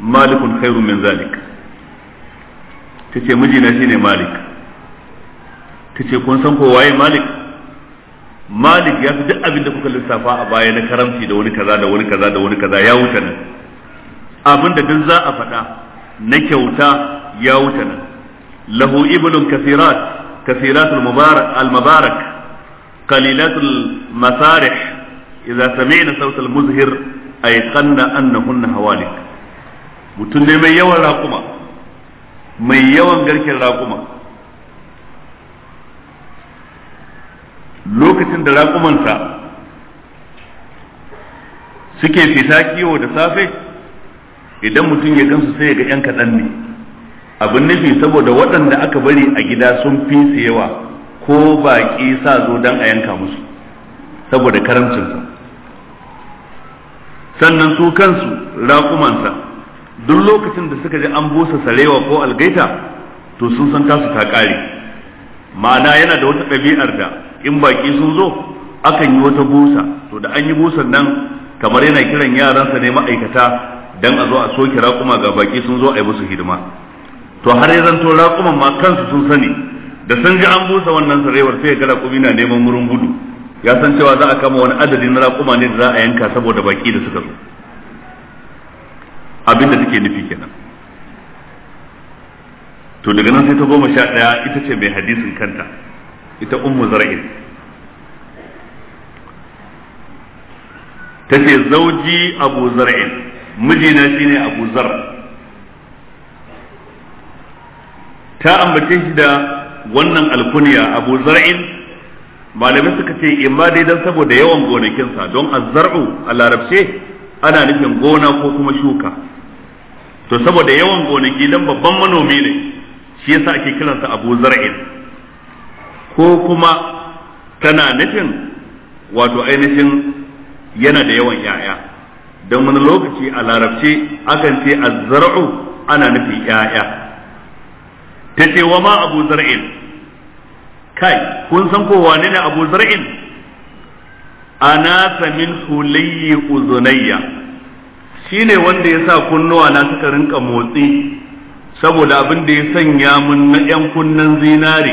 malikun khairun min zalik tace mijina shine malik tace kun san ko waye malik malik ya fi duk abin da kuka lissafa a baya na karamci da wani kaza da wani kaza da wani kaza ya wuce nan abin da duk za a faɗa na kyauta ya wuce nan lahu ibnun kasirat mubarak al-mubarak qalilat al-masarih idza sami'na sawt al-muzhir ayqanna annahunna hawalik mutum ne mai yawan raƙuma mai yawan garken raƙuma lokacin da raƙumansa suke fita kiwo da safe idan mutum ya gansu sai ya ga 'yan kaɗan ne abin nufi saboda waɗanda aka bari a gida sun fi su yawa ko baƙi sa zo don a yanka musu saboda karamcinsa sannan su kansu raƙumansa duk lokacin da suka ji an busa sarewa ko algaita to sun san tasu ta kare ma'ana yana da wata ɗabi'ar da in baki sun zo akan yi wata busa to da an yi busan nan kamar yana kiran yaransa ne ma'aikata dan a zo a soke raƙuma ga baki sun zo a yi musu hidima to har ya zanto raƙuman ma kansu sun sani da sun ji an busa wannan sarewar sai ga raƙumi na neman wurin gudu ya san cewa za a kama wani adadin raƙuma ne da za a yanka saboda baki da suka zo abinda take nufi kenan to daga nan sai ta goma sha ɗaya ita ce mai hadisin kanta ita ummu ta ce zauji abu mijina ne abu zar ta ambace shi da wannan alkuniya abu zar'in malamai suka ce ma dai don saboda yawan gonakinsa don azzar'u a larabce ana nufin gona ko kuma shuka to saboda yawan gonaki dan babban manomi ne shi yasa ake kiransa Abu Zar'in ko kuma tana nufin wato ainihin yana da yawan yaya dan wani lokaci a larabci akan ce az ana nufin yaya tace wa ma Abu Zar'in kai kun san ko wane ne Abu Zar'in anasa min hulayyi uzunayya Shi ne wanda ya sa kunnuwa na suka rinka motsi saboda abin da ya sanya mun na yan kunnan zinare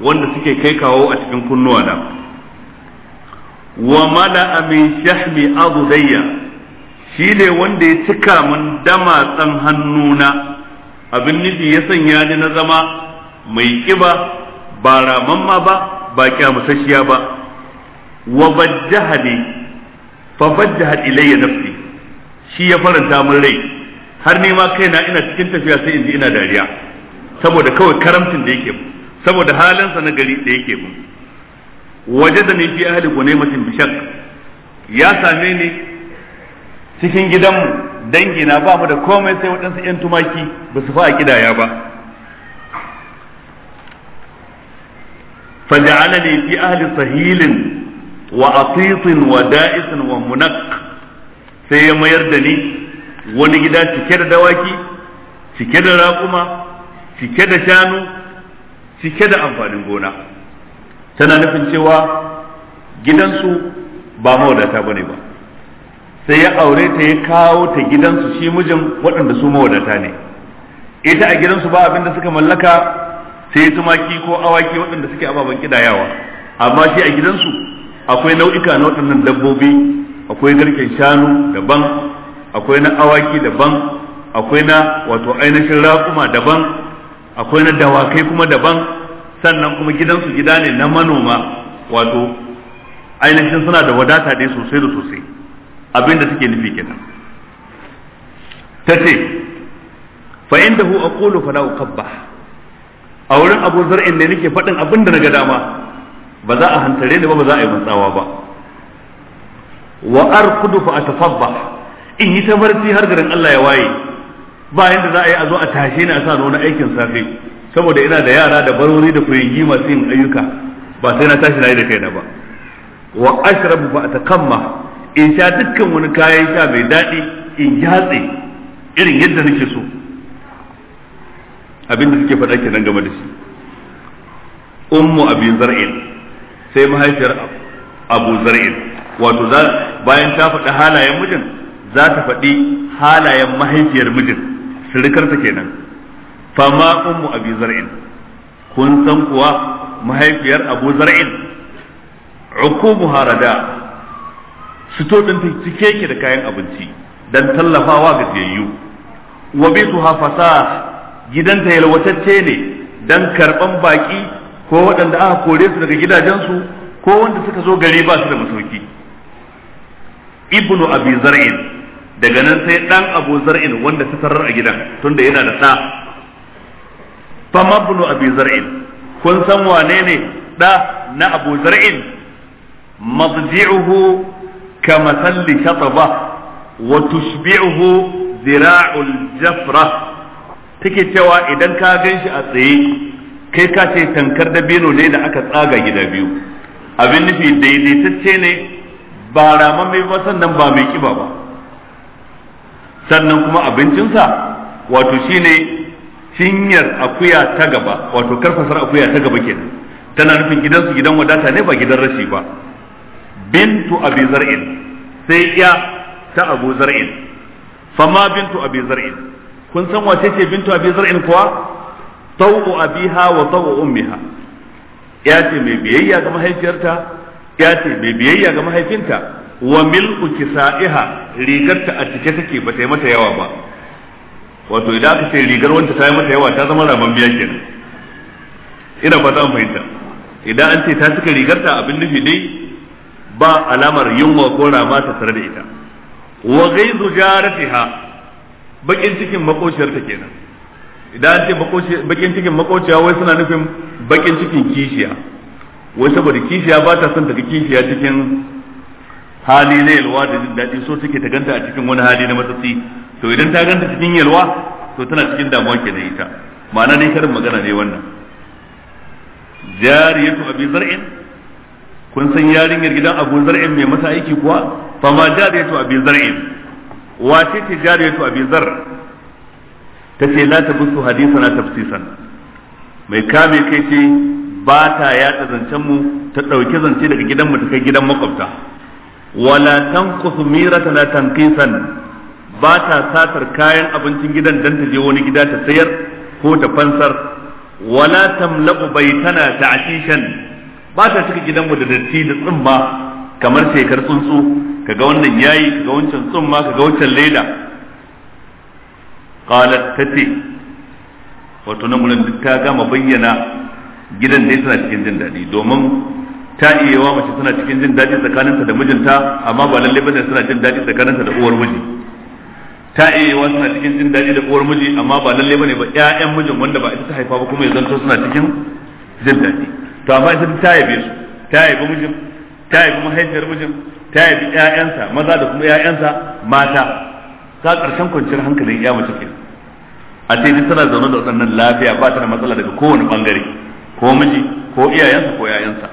wanda suke kai kawo a cikin kunnuwa na wa mala min shahmi azudayya shine wanda ya cika mun dama damatsan hannuna abin nufi ya sanya ni na zama mai kiba ba ramamma ba ba kyamusasshiya ba wa bajjahani fa bajjahat ilayya nafsi shi ya faranta min rai har ni ma kaina ina cikin tafiya sai in ji ina dariya saboda kawai karamcin da yake saboda halinsa na gari da yake mu da fi ahli gunaymatin bishak ya same ni cikin gidanmu na ba mu da komai sai waɗansu 'yan tumaki ba su fa'a kidaya ba faja'alani fi ahli sahilin wa atitin wa da'isin wa sai ya mayar da ni wani gida cike da dawaki cike da raƙuma cike da shanu cike da amfanin gona tana nufin cewa gidansu ba mawadata bane ba sai ya aure ta ya kawo ta gidansu shi mijin waɗanda su mawadata ne ita a gidansu ba abinda suka mallaka sai tumaki ko awaki waɗanda suke ababen kidayawa amma shi a gidansu akwai nau'ika na waɗannan dabbobi akwai garken shanu daban akwai na awaki daban akwai na wato ainihin raƙuma daban akwai na dawakai kuma daban sannan kuma gidansu gida ne na manoma wato ainihin suna da wadata dai sosai da sosai abinda suke nufi kenan ta ce fa indahu aqulu fala kabba. a wurin abu zar'in ne nake faɗin abin da na ga dama ba za a hantare ni ba ba za a yi matsawa ba wa arkudu fa atafabbah in yi ta barci har garin Allah ya waye bayan da za a yi a zo a tashe ni a sa wani aikin safe saboda ina da yara da barori da kuyangi masu yin ayyuka ba sai na tashi na yi da kaina ba wa ashrabu fa atakamma in sha dukkan wani kayan sha mai daɗi in yatse irin yadda nake so abin da suke faɗa kenan game da shi ummu abi zar'in sai mahaifiyar abu zar'in wato bayan ta faɗi halayen mijin za ta faɗi halayen mahaifiyar mijin sirikarta kenan fama ummu abi zar'in kun san kuwa mahaifiyar abu zar'in hukumu harada to din ta cike ki da kayan abinci dan tallafawa ga jiyayyu wa su hafasa gidanta yalwatacce ne dan karban baƙi, ko waɗanda aka kore su daga gidajensu ko wanda suka zo gari ba su da masauki ibnu abi zar'in daga nan sai dan abu zar'in wanda ta tarar a gidan tunda yana da da fama ibnu abi zar'in kun san wane ne da na abu zar'in madji'uhu ka masalli shataba wa tushbi'uhu zira'ul jafra take cewa idan ka gan shi a tsaye kai ka ce tankar dabino ne da aka tsaga gida biyu abin nufi daidaitacce ne ba mai ba sannan ba mai kiba ba sannan kuma abincinsa wato ne cinyar akuya ta gaba wato karfasar akuya ta gaba kenan tana nufin gidansu gidan wadata ne ba gidan rashi ba bintu abi zar'in sai ya ta abu zar'in fama bintu abi zar'in kun san wace ce bintu abi zar'in kuwa tau'u abiha wa tau'u ummiha ya ce mai biyayya ga mahaifiyarta ya ce bai biyayya ga mahaifinta wa milku kisaiha rigarta a cike take ba ta yi mata yawa ba wato idan aka ce rigar wanda ta yi mata yawa ta zama rabon biya kenan ina ba an fahimta idan an ce ta cika rigarta abin nufi dai ba alamar yunwa ko rama ta tare da ita wa gaizu jaratiha bakin cikin makociyar ta kenan idan an ce bakin cikin makociya wai suna nufin bakin cikin kishiya wai saboda kishiya ba ta son ta ga kishiya cikin hali na yalwa da jin daɗi so take ta ganta a cikin wani hali na matsatsi to idan ta ganta cikin yalwa to tana cikin damuwa ke da ita ma'ana dai karin magana ne wannan jariyatu abi zar'in kun san yarinyar gidan abu zar'in mai masa aiki kuwa fa ma jariyatu abi zar'in wace ce jariyatu abi zar Ta ce la tabusu hadithana tafsisan mai kame kai ce ba ta yaɗa zancen mu ta ɗauki zance daga gidan mu ta kai gidan makwabta wala tanqusu miratana tanqisan ba ta satar kayan abincin gidan dan ta je wani gida ta sayar ko ta fansar wala tamla'u baitana ta'shishan ba ta cika gidan mu da datti da tsumma kamar shekar tsuntsu kaga wannan yayi kaga wancan tsumma kaga wancan leda qalat tati wato nan ta gama bayyana gidan dai suna cikin jin daɗi domin ta iya yawa mace suna cikin jin daɗi tsakaninta da mijinta amma ba lalle bane suna jin daɗi tsakaninta da uwar miji ta iya yawa suna cikin jin daɗi da uwar miji amma ba lalle bane ba ƴaƴan mijin wanda ba ita ta haifa ba kuma ya zanto suna cikin jin daɗi to amma ita ta yabe su ta yabe mijin ta yabe mahaifiyar mijin ta yabe ƴaƴansa maza da kuma ƴaƴansa mata ka ƙarshen kwanciyar hankalin ƴa mace kenan a ce tana zaune da waɗannan lafiya ba ta da matsala daga kowane ɓangare ko miji ko iyayensa ko yayansa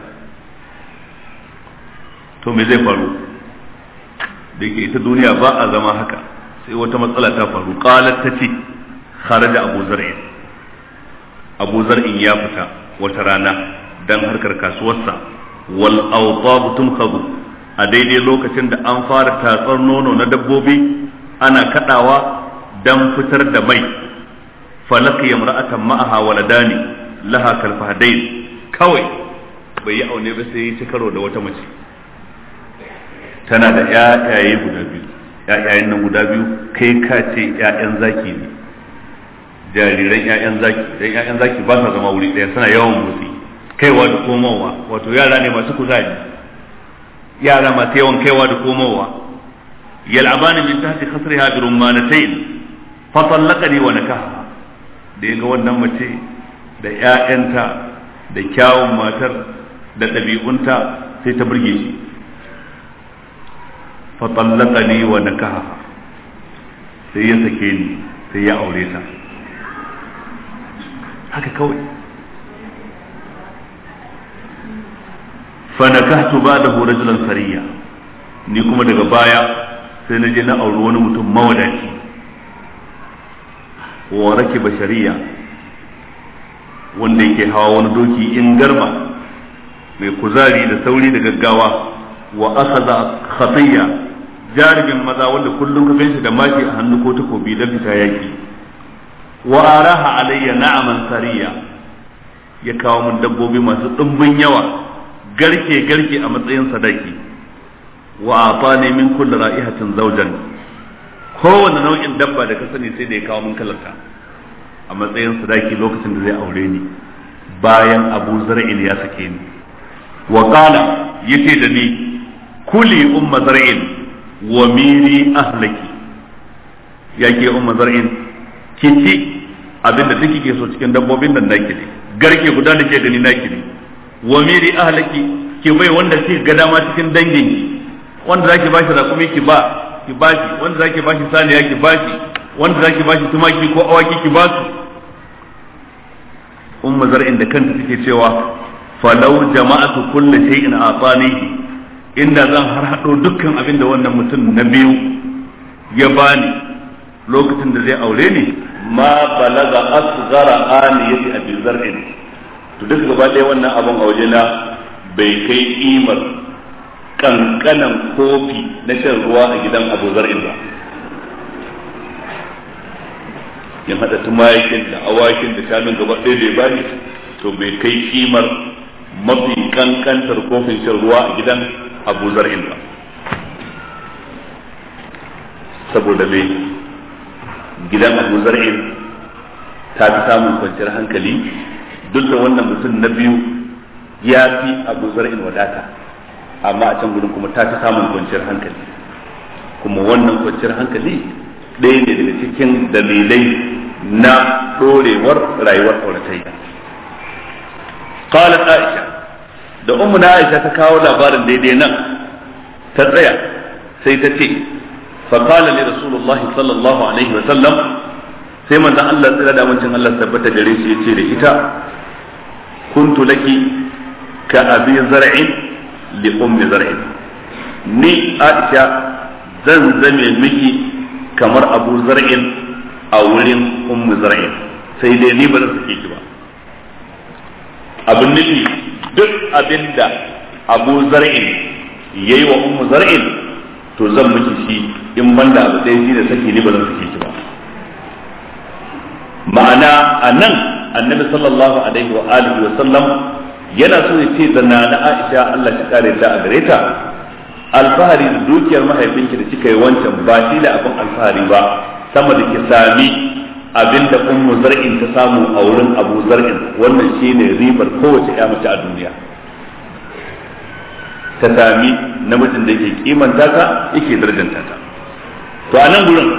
to me zai faru da yake ita duniya ba a zama haka sai wata matsala ta faru qalat tace kharaja abu zar'in abu zar'in ya fita wata rana dan harkar kasuwarsa wal awqab tumkhadu a daidai lokacin da an fara tatsar nono na dabbobi ana kadawa dan fitar da mai falaqiya imra'atan ma'aha waladani laha kalfahadain kawai bai yi aune ba sai ta karo da wata mace tana da yayaye guda biyu yayayen nan guda biyu kai ka ce 'ya'yan zaki ne jariran 'ya'yan zaki dan 'ya'yan zaki ba sa zama wuri ɗaya suna yawan motsi kaiwa da komowa wato yara ne masu kuzari yara masu yawan kaiwa da komowa yal'abani min tahti khasriha bi rumanatayn fa tallaqani wa nakaha da yaga wannan mace da 'ya'yanta da kyawun matar da ɗabi'unta sai ta burge shi fatallaka ne wa nakaha sai ya sake ni sai ya aure ta haka kawai fanakahtu ba'dahu rajulan sariya ni kuma daga baya sai na je na auri wani mutum mawadaci wa rakiba shari'a wanda yake hawa wani doki in garba mai kuzari da sauri da gaggawa wa za khatayya jaribin maza wanda kullum ka ganshi da maki a hannu ko takobi da fita yaki wa araha alayya na'aman sariya ya kawo mun dabbobi masu dimbin yawa garke garke a matsayin sadaki wa atani min kulli ra'ihatin zawjan kowanne nau'in dabba da ka sani sai da ya kawo mun kalarta a matsayin sadaki lokacin da zai aure ni bayan abu zar'il ya sake ni wa kana yace da ni kuli umma zar'il wa miri ahlaki Ya ke umma zar'in kici abin da ke so cikin dabbobin nan naki ne garke guda da ke gani naki ne wa miri ahlaki ke bai wanda ke ga dama cikin dangin ki wanda zaki shi raƙumi ki ba ki ba shi, wanda zaki shi saniya ki ba shi, wanda zaki shi tumaki ko awaki ki ba su umma zar'in da kanta take cewa falau jama'atu kulli shay'in atanihi inda zan har hado dukkan abin da wannan mutum na biyu ya bani lokacin da zai aure ni ma balaga asghara aniyati abi zar'in to duk gaba ɗaya wannan abin aure na bai kai imar kankanan kofi na shan ruwa a gidan abu zar'in ba ya hada tumakin da awakin da shanun gaba ɗaya da ya bani to bai kai kimar mafi kankantar kofin shan ruwa a gidan abu zar'in ba saboda mai gidan abu zar'in ta fi samun kwanciyar hankali duk da wannan mutum na biyu ya fi abu zar'in wadata amma a can gudun kuma ta fi samun kwanciyar hankali kuma wannan kwanciyar hankali ɗaya ne daga cikin dalilai na ɗorewar rayuwar auratayya qalat aisha da umar na aisha ta kawo labarin daidai nan ta tsaya sai ta ce fa qala rasulullah sallallahu alaihi wa sallam sai manzon Allah tsira da mancin Allah tabbata gare shi yace da ita kuntu laki ka abi zar'in li ummi zar'in ni aisha zan zame miki kamar abu zar'in a wurin ummu zar'in sai dai ni ba zan suke ki ba abin nufi duk abin da abu zar'in ya yi wa ummu zar'in to zan miki shi in banda abu ɗaya shi da sake ni ba zan suke ki ba ma'ana a nan annabi sallallahu alaihi wa alihi wa sallam yana so ya ce da na na Aisha Allah ta kare ta a gare ta alfahari da dukiyar mahaifinki da kika yi wancan ba shi da abin alfahari ba sama da ki sami abin da ummu zar'in ta samu a wurin abu zar'in wannan shine ribar kowace ya mace a duniya ta sami namijin da yake kimanta ta yake darajanta ta to a nan gurin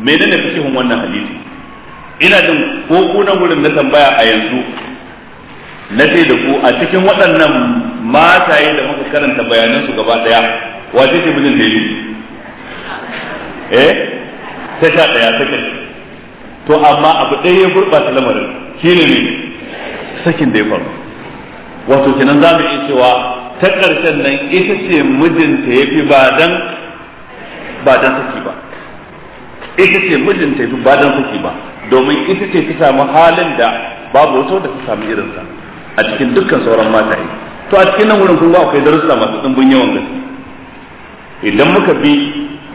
menene fikihun wannan hadisi ina jin ko kunan nan gurin na tambaya a yanzu na ce da ku a cikin waɗannan mataye da muka karanta bayanan su gaba daya wace ce mijin da eh ta sha daya ta to amma abu ɗaya ya gurɓata lamarin shi ne ne? sakin da ya faru wato kenan za mu iya cewa ta ƙarshen nan ita ce mijinta ya fi ba dan ba dan saki ba ita ce mijinta ya fi ba dan saki ba domin ita ce ta samu halin da babu wata da ta samu irinsa a cikin dukkan sauran mataye to a cikin nan wurin kun akwai darussa masu ɗumbin yawan gaske idan muka bi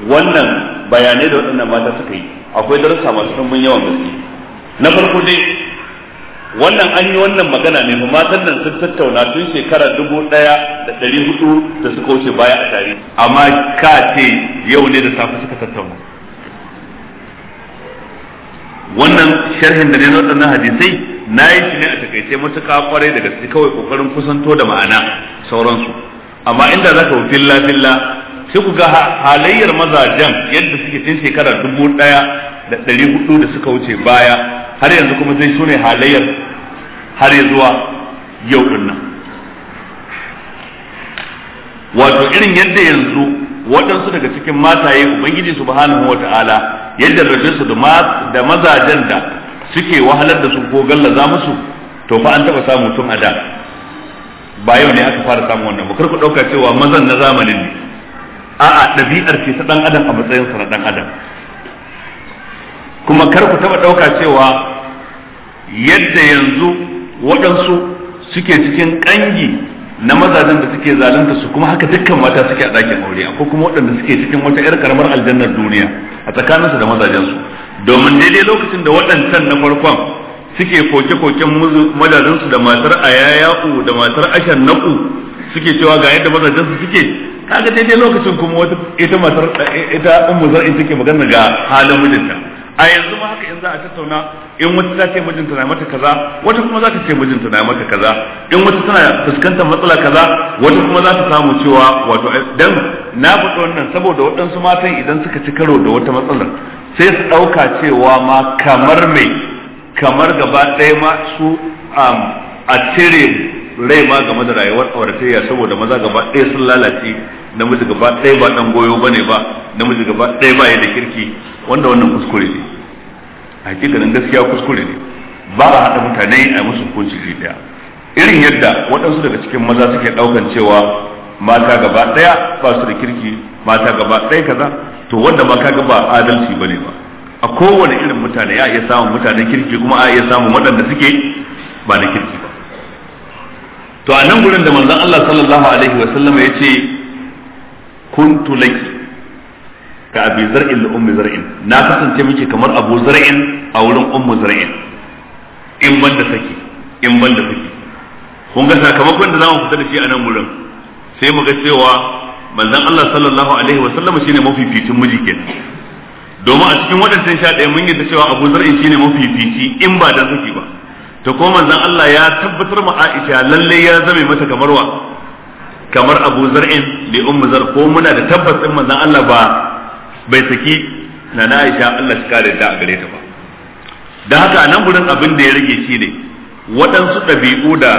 wannan bayanai da waɗannan mata suka yi akwai darussa masu ɗumbin yawan gaske na farko dai wannan an yi wannan magana ne matan nan sun tattauna tun shekara dubu ɗaya da ɗari hudu da suka wuce baya a tare amma ka ce yau ne da safe suka tattauna wannan sharhin da ne na waɗannan hadisai na yi shi ne a takaice matuƙa kwarai da gaske kawai kokarin kusanto da ma'ana sauransu amma inda zaka wuce lafilla, filla sai ku ga halayyar mazajen yadda suke tun shekara dubu ɗaya da ɗari hudu da suka wuce baya har yanzu kuma zai sune halayyar har zuwa yau ɗin nan wato irin yadda yanzu waɗansu daga cikin mataye ubangiji subhanahu wata'ala yadda rajinsu da mazajen da suke wahalar da su ko gallaza musu to fa an taba samu tun a da ba yau ne aka fara samu wannan ba kar ku dauka cewa mazan na zamanin ne a dabi'ar ce ta dan adam a matsayin sa na dan adam kuma kar ku taba dauka cewa yadda yanzu waɗansu suke cikin ƙangi na mazajen da suke zalunta su kuma haka dukkan mata suke a ɗakin aure akwai kuma waɗanda suke cikin wata 'yar karamar aljannar duniya a tsakaninsu da mazajensu domin daidai lokacin da waɗancan na farkon suke koke-koken mazajensu da matar yayaku da matar ashen naku suke cewa ga yadda mazajensu suke kaga daidai lokacin kuma wata ita matar ita ummu zar'in take magana ga halin mijinta a yanzu ma haka in za a tattauna in wata ta ce mijinta na mata kaza wata kuma za ta ce mijinta na mata kaza in wata tana fuskantar matsala kaza wata kuma za ta samu cewa wato dan na faɗi wannan saboda waɗansu matan idan suka ci karo da wata matsalar sai su ɗauka cewa ma kamar mai kamar gaba ɗaya ma su um, a cire rai ma game da rayuwar auratayya saboda maza gaba ɗaya sun lalace namiji gaba ɗaya ba ɗan goyo ba ne ba namiji gaba ɗaya ba ya da kirki wanda wannan kuskure ne hakikanin gaskiya kuskure ne ba a haɗa mutane a musu hukunci shi ɗaya irin yadda waɗansu daga cikin maza suke ɗaukan cewa mata gaba ɗaya ba su da kirki mata gaba ɗaya kaza to wanda ma kaga ba adalci bane ba a kowane irin mutane ya iya samun mutanen kirki kuma a iya samun waɗanda suke ba na kirki ba to a nan gurin da manzon Allah sallallahu alaihi wa sallam ya ce kuntu laki ka abi zar'in da ummi zar'in na kasance miki kamar abu zar'in a wurin ummu zar'in in ban da saki in ban da saki kun ga sakamakon da zamu fita da shi a nan gurin sai mu ga cewa manzon Allah sallallahu alaihi wa sallam shine mafificin miji kenan domin a cikin waɗancan sha ɗaya mun yadda cewa Abu Zar'in shine mafifici in ba dan saki ba to ko manzon Allah ya tabbatar ma Aisha lalle ya zame mata kamar wa kamar Abu Zar'in li ummu Zar ko muna da tabbas din manzon Allah ba bai saki na Aisha Allah shi kare da a gare ta ba da haka nan gurin abin da ya rage shi ne waɗansu ɗabi'u da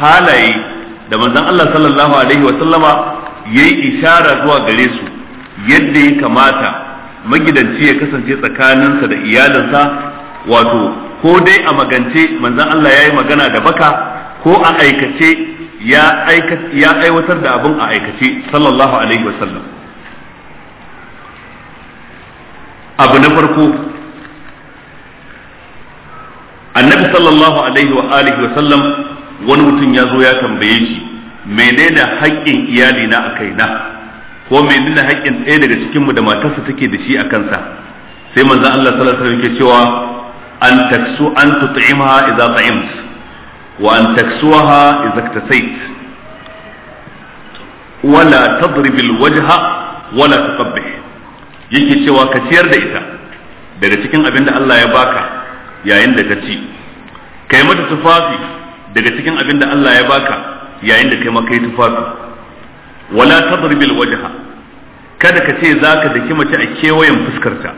halaye da manzon Allah sallallahu alaihi wa sallama yayi ishara zuwa gare su yadda ya kamata magidanci ya kasance tsakaninsa da iyalinsa wato ko dai a magance manzon Allah yayi magana da baka ko a aikace ya ya aiwatar da abin a aikace sallallahu alaihi wasallam abu na farko annabi sallallahu alaihi wa alihi wasallam wani mutum ya zo ya tambaye shi menene haƙƙin iyali na a kaina ko menene haƙƙin ɗaya daga cikin mu da matarsa take da shi a kansa sai manzo Allah sallallahu alaihi wasallam cewa an taksu an tut'imha idza ta'imt wa an taksuha idza iktasait wala tadrib alwajha wala tuqabbih yake cewa ka ciyar da ita daga cikin abin da Allah ya baka yayin da ka ci kai mata tufafi daga cikin abin da Allah ya baka yayin da kai ma kai tufafi wala tadribil wajha kada ka ce zaka daki mace a kewayen fuskarta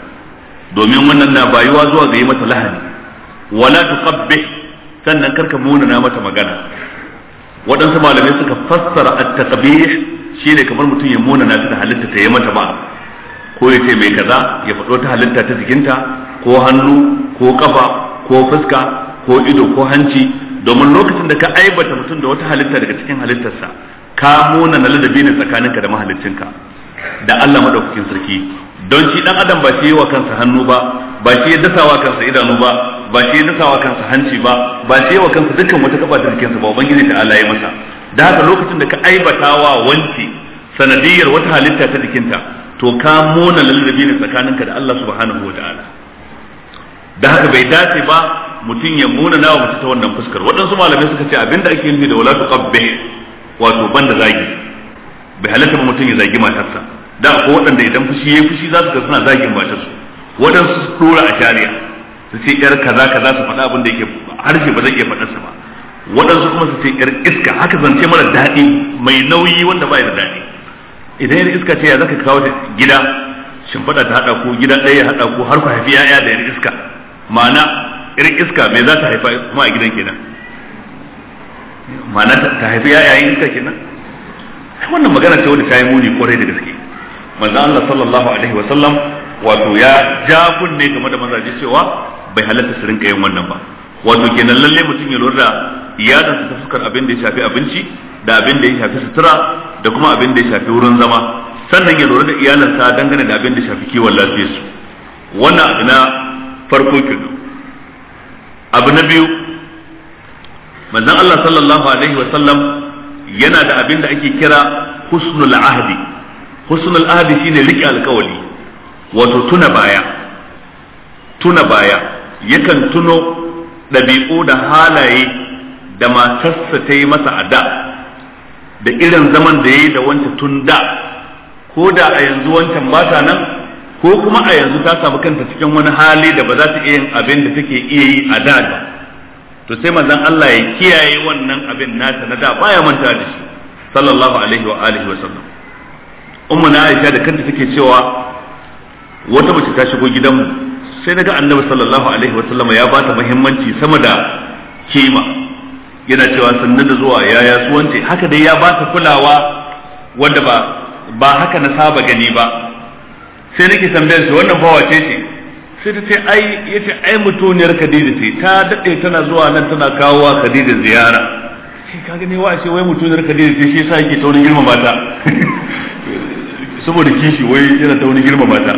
domin wannan na bayuwa zuwa ga yi mata lahani wala tuqabbi sannan karka munana mata magana waɗansu malamai suka fassara at-taqbih shine kamar mutum ya munana ta halitta ta yi mata ba ko ya ce mai kaza ya faɗo ta halitta ta jikinta ko hannu ko kafa ko fuska ko ido ko hanci domin lokacin da ka aibata mutum da wata halitta daga cikin halittarsa ka muna na ladabi ne tsakaninka da mahaliccinka da Allah madaukakin sarki don shi dan adam ba shi yi wa kansa hannu ba ba shi ya dasa wa kansa idanu ba ba shi ya wa kansa hanci ba ba shi ya wa kansa dukkan wata kaba ta jikinsa ba ubangiji ta Allah ya masa da haka lokacin da ka aibata wa wanci sanadiyar wata halitta ta jikinta to ka na ladabi ne tsakaninka da Allah subhanahu ta'ala da haka bai dace ba mutum ya muna nawa mutum ta wannan fuskar waɗansu malamai suka ce abinda ake nufi da wala tuqabbih wato banda zagi bai halatta ba mutum ya zagi matarsa da ko waɗanda idan fushi yayi fushi za su ga suna zagin matarsu waɗansu su dora a shari'a su ce yar kaza kaza su faɗa abinda da yake harshe ba zai iya faɗarsa ba waɗansu kuma su ce yar iska haka zance mara daɗi mai nauyi wanda ba da daɗi idan yar iska ce ya zaka kawo gida shimfiɗa ta haɗa ko gida ɗaya ya haɗa ko har ku haifi 'ya'ya da yar iska ma'ana irin iska me za ta haifa kuma a gidan kenan ma'ana ta haifi yayin iska kenan wannan magana ce wanda ta yi muni kwarai da gaske manzo Allah sallallahu alaihi wa sallam wato ya ja kunne game da mazaje cewa bai halatta su rinka yin wannan ba wato kenan lalle mutum ya lura da iyalansa ta fuskar abin da ya shafi abinci da abin da ya shafi sutura da kuma abin da ya shafi wurin zama sannan ya lura da iyalansa dangane da abin da ya shafi kiwon lafiyarsu wannan abu na farko kenan abu na biyu manzon Allah sallallahu alaihi wa sallam yana da abin da ake kira husnul ahdi husnul ahdi shine rike alƙawali. wato tuna baya tuna baya yakan tuno ɗabi'u da halaye da matarsa ta yi masa a da da irin zaman da ya yi da wancan tun da ko da a yanzu wancan ba ta nan ko kuma a yanzu ta samu kanta cikin wani hali da ba za ta iya yin abin da take iya yi a da ba to sai manzon Allah ya kiyaye wannan abin nata na da baya manta da shi sallallahu alaihi wa alihi wa sallam ummu na Aisha da kanta take cewa wata mace ta shigo gidanmu sai naga annabi sallallahu alaihi wa sallam ya bata muhimmanci sama da kima yana cewa sannan da zuwa ya yasuwanci. haka dai ya bata kulawa wanda ba ba haka na saba gani ba sai nake tambayar shi wannan bawa ce ce sai ta ce ai yace ai mutuniyar Khadija ce ta dade tana zuwa nan tana kawo wa Khadija ziyara sai ka gane wa ce wai mutuniyar Khadija ce shi yasa yake ta wani girmama saboda kishi wai yana ta wani girmama ta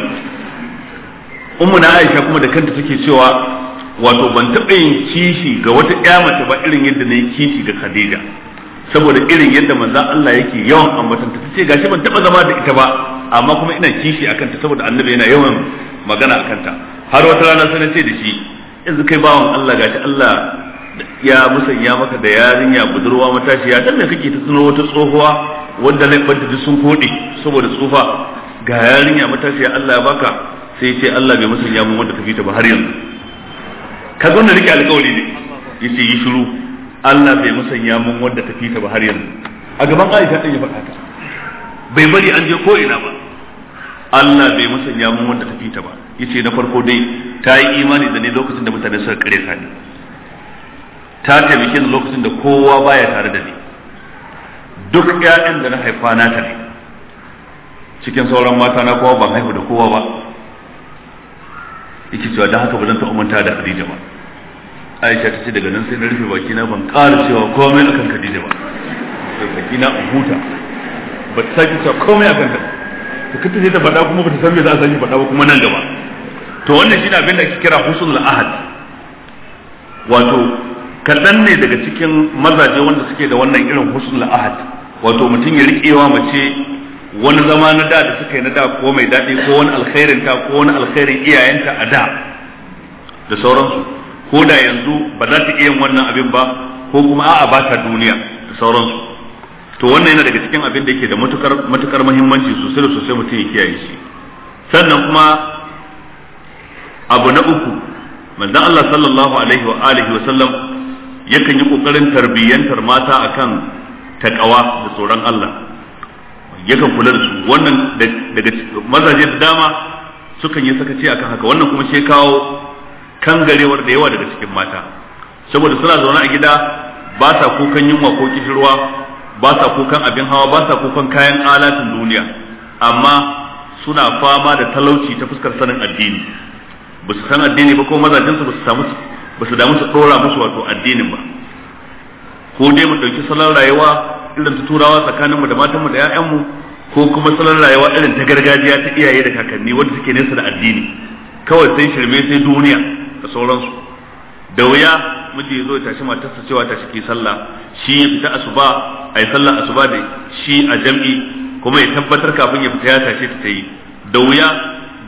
ummu na Aisha kuma da kanta take cewa wato ban taɓa yin kishi ga wata ƴa mace ba irin yadda na yi kishi ga Khadija saboda irin yadda manzo Allah yake yawan ambatan ta ce gashi ban taɓa zama da ita ba amma kuma ina kishi akan ta saboda annabi yana yawan magana akan ta har wata rana sai na ce da shi yanzu kai bawan Allah gashi Allah ya musanya maka da yarinya budurwa matashiya dan me kake ta tuno wata tsohuwa wanda banta duk sun kode saboda tsufa ga yarinya matashiya Allah ya baka sai ce Allah bai musanya mun wanda tafi ta ba har yanzu ka zo rike alƙawari ne yace yi shiru Allah bai musanya mun wanda ta ta ba har yanzu a gaban Aisha ta ya faɗa ta bai bari an je ko ina ba Allah bai musanya mun wanda ta ta ba yace na farko dai ta yi imani da ne lokacin da mutane suka kare ka ne ta taimake ni lokacin da kowa baya tare da ni duk ƴaƴan da na haifa na ta ne cikin sauran mata na kowa ban haihu da kowa ba yake cewa dan haka ba zan umunta da Khadija ba Aisha ta ce daga nan sai na rufe baki na ban ƙara cewa komai akan Khadija ba baki na huta ba ta ce komai akan Khadija to je ta faɗa kuma bata san me za a sani faɗa ba kuma nan gaba to wannan shine abin da ake kira husnul ahad wato kaɗan ne daga cikin mazaje wanda suke da wannan irin husnul ahad wato mutum ya riƙewa mace wani zama na da da suka yi na da ko mai daɗi ko wani alkhairin ta ko wani alkhairin iyayenta a da da sauransu ko da yanzu ba za ta iya yin wannan abin ba ko kuma a'a ba ta duniya da sauransu to wannan yana daga cikin abin da yake da matukar matukar muhimmanci sosai da sosai mutum ya kiyaye shi sannan kuma abu na uku manzon Allah sallallahu alaihi wa alihi wa sallam yakan yi kokarin tarbiyyantar mata akan takawa da tsoron Allah yakan kula da su wannan daga mazaje da dama sukan yi sakaci akan haka wannan kuma sai kawo kangarewar da yawa daga cikin mata saboda suna zaune a gida ba sa kukan yunwa ko kishirwa ba sa kukan abin hawa ba sa kukan kayan alatin duniya amma suna fama da talauci ta fuskar sanin addini ba su san addini ba ko mazajen su ba su damu su tsora musu wato addinin ba ko dai mu dauki salon rayuwa irin ta turawa tsakanin mu da matan mu da ƴaƴan mu ko kuma salon rayuwa irin ta gargajiya ta iyaye da kakanni wanda suke nesa da addini kawai sai shirme sai duniya da sauransu da wuya miji zo ya tashi matarsa cewa tashi ke sallah shi ya fita asuba a yi sallar asuba da shi a jam'i kuma ya tabbatar kafin ya fita ya tashe ta yi da wuya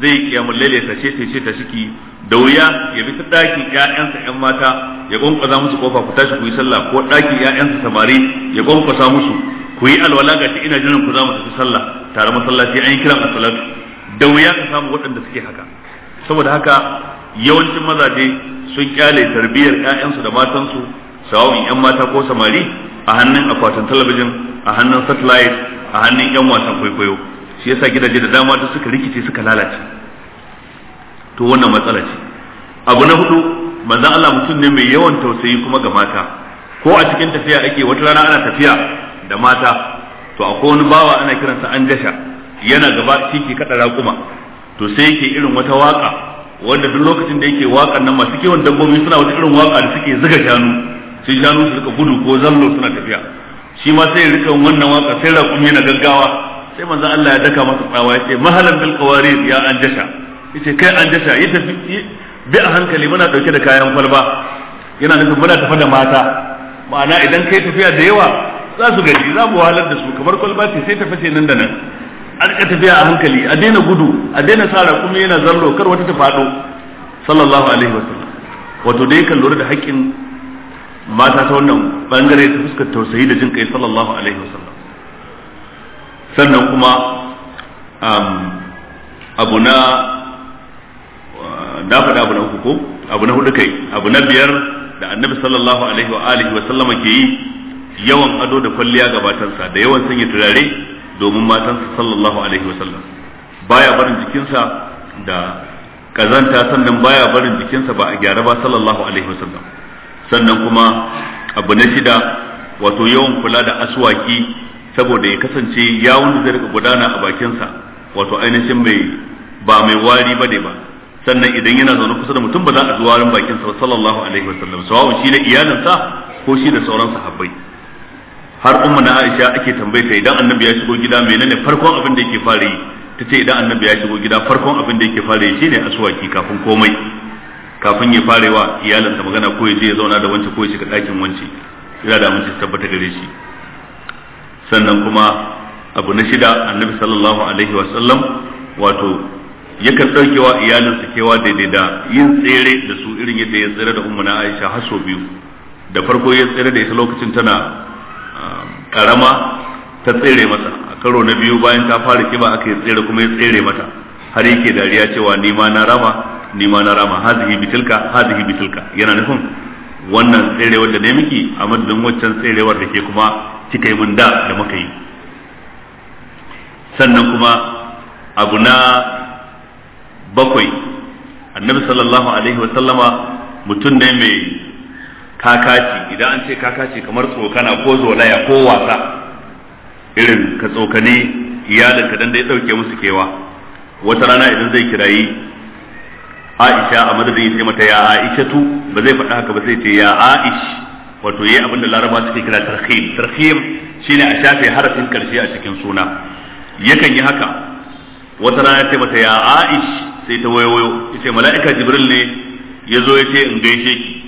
zai yi laila tashe ta ce ta shiki da wuya ya bi ta ɗakin ƴaƴansa ƴan mata ya ƙwanƙwasa musu kofa ku tashi ku yi sallah ko daki ƴaƴansa samari ya ƙwanƙwasa musu ku yi alwala ga ina jiran ku za mu tafi sallah tare masallaci an yi kiran a salatu da wuya ka samu waɗanda suke haka saboda haka yawancin mazaje sun kyale tarbiyyar ƴaƴansu da matansu sawa'un yan mata ko samari a hannun akwatin talabijin a hannun satellite a hannun yan wasan kwaikwayo shi yasa gidaje da dama ta suka rikice suka lalace to wannan matsala ce abu na hudu manzon Allah mutum ne mai yawan tausayi kuma ga mata ko a cikin tafiya ake wata rana ana tafiya da mata to akwai wani bawa ana kiransa an jasha yana gaba ciki ke kada raƙuma to sai yake irin wata waka wanda duk lokacin da yake wakan nan masu kiwon dabbobi suna wata irin waka da suke zuga shanu sai shanu su rika gudu ko zallo suna tafiya shi ma sai rika wannan waka sai raƙumi na gaggawa sai manzo Allah ya daka masa tsawa yace mahalan bil qawarir ya anjasha yace kai anjasha ya tafi bi a hankali muna dauke da kayan kwalba yana nufin muna tafa da mata ma'ana idan kai tafiya da yawa za su gaji za mu wahalar da su kamar kwalba ce sai tafi ce nan da nan an ka tafiya a hankali a daina gudu a daina sa raƙumi yana zallo kar wata ta faɗo sallallahu alaihi wasallam wato dai kan lura da haƙƙin mata ta wannan bangare ta fuskar tausayi da jin kai sallallahu alaihi wasallam sannan kuma um, abu na na faɗa abu na uku ko abu na hudu kai abu na biyar da annabi sallallahu alaihi wa alihi wa sallama ke yi yawan ado da kwalliya ga matansa da yawan sanya turare domin matansa sallallahu alaihi wa sallam baya barin jikinsa da kazanta sannan baya barin jikinsa ba a gyara ba sallallahu alaihi wa sallam sannan kuma abu na shida wato yawan kula da aswaki saboda ya kasance yawon da zai rika gudana a bakinsa wato ainihin mai ba mai wari ba ne ba sannan idan yana zaune kusa da mutum ba za a ji warin sa sallallahu alaihi wasallam sawa'un shi da iyalinsa ko shi da sauran sahabbai har umma na Aisha ake tambaye idan annabi ya shigo gida menene farkon abin da yake fara yi tace idan annabi ya shigo gida farkon abin da yake fara yi shine aswaki kafin komai kafin ya fare wa iyalinsa magana ko ya je ya zauna da wance ko ya shiga ɗakin wance yana da mace tabbata gare shi sannan kuma abu na shida annabi sallallahu alaihi wa sallam wato yakan ɗauke wa iyalinsa kewa daidai da yin tsere da su irin yadda ya tsere da ummuna Aisha har sau biyu da farko ya tsere da ita lokacin tana karama um, ta tsere masa a karo na biyu bayan ta fara kiba aka yi tsere kuma ya tsere mata har yake dariya cewa ni ma na rama ni ma na rama hazihi bitilka bitilka yana nufin wannan tserewar da ne miki a madadin waccan tserewar da ke kuma kika mun da da muka yi sannan kuma abu na bakwai annabi sallallahu alaihi wa sallama mutum ne mai kakaci idan an ce kakaci kamar tsokana ko zolaya ko wasa irin ka tsokane iyalinka dan da ya dauke musu kewa wata rana idan zai kirayi Aisha a madadin ya ce mata ya Aishatu ba zai faɗa haka ba sai ce ya Aish wato yayi abin da Laraba suke kira tarhim tarhim shine a shafe harafin karshe a cikin suna yakan yi haka wata rana ce mata ya Aish sai ta wayo-wayo wayo ce mala'ika Jibril ne ya zo ya ce in gaishe ki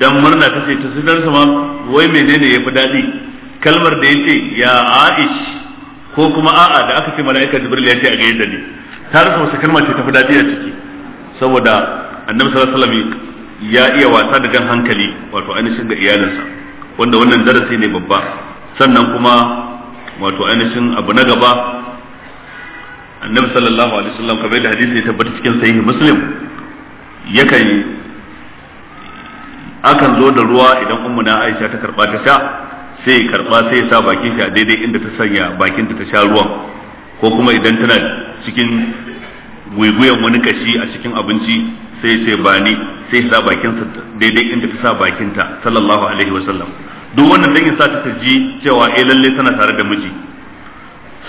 dan murna ta ce ta sinar sama wai menene ya fi daɗi kalmar da ya ce ya Aish ko kuma a'a da aka ce mala'ika Jibril ya ce a gaishe da ni ta rasa wasu kalmar ce ta fi daɗi a ciki saboda annabi sallallahu alaihi wasallam ya iya wasa da jan hankali wato ainihin ga iyalinsa wanda wannan darasi ne babba sannan kuma wato ainihin abu na gaba annabi sallallahu alaihi wasallam kamar yadda hadisi ya tabbata cikin sahihi muslim yakan akan zo da ruwa idan ummu na Aisha ta karba ta sha sai ya karba sai ya sa bakin shi a daidai inda ta sanya bakin ta sha ruwan ko kuma idan tana cikin guiguyan wani kashi a cikin abinci sai sai ba ni sai sa bakinsa daidai inda ta sa bakinta sallallahu alaihi wasallam duk wannan dan yasa ta ji cewa eh lalle tana tare da miji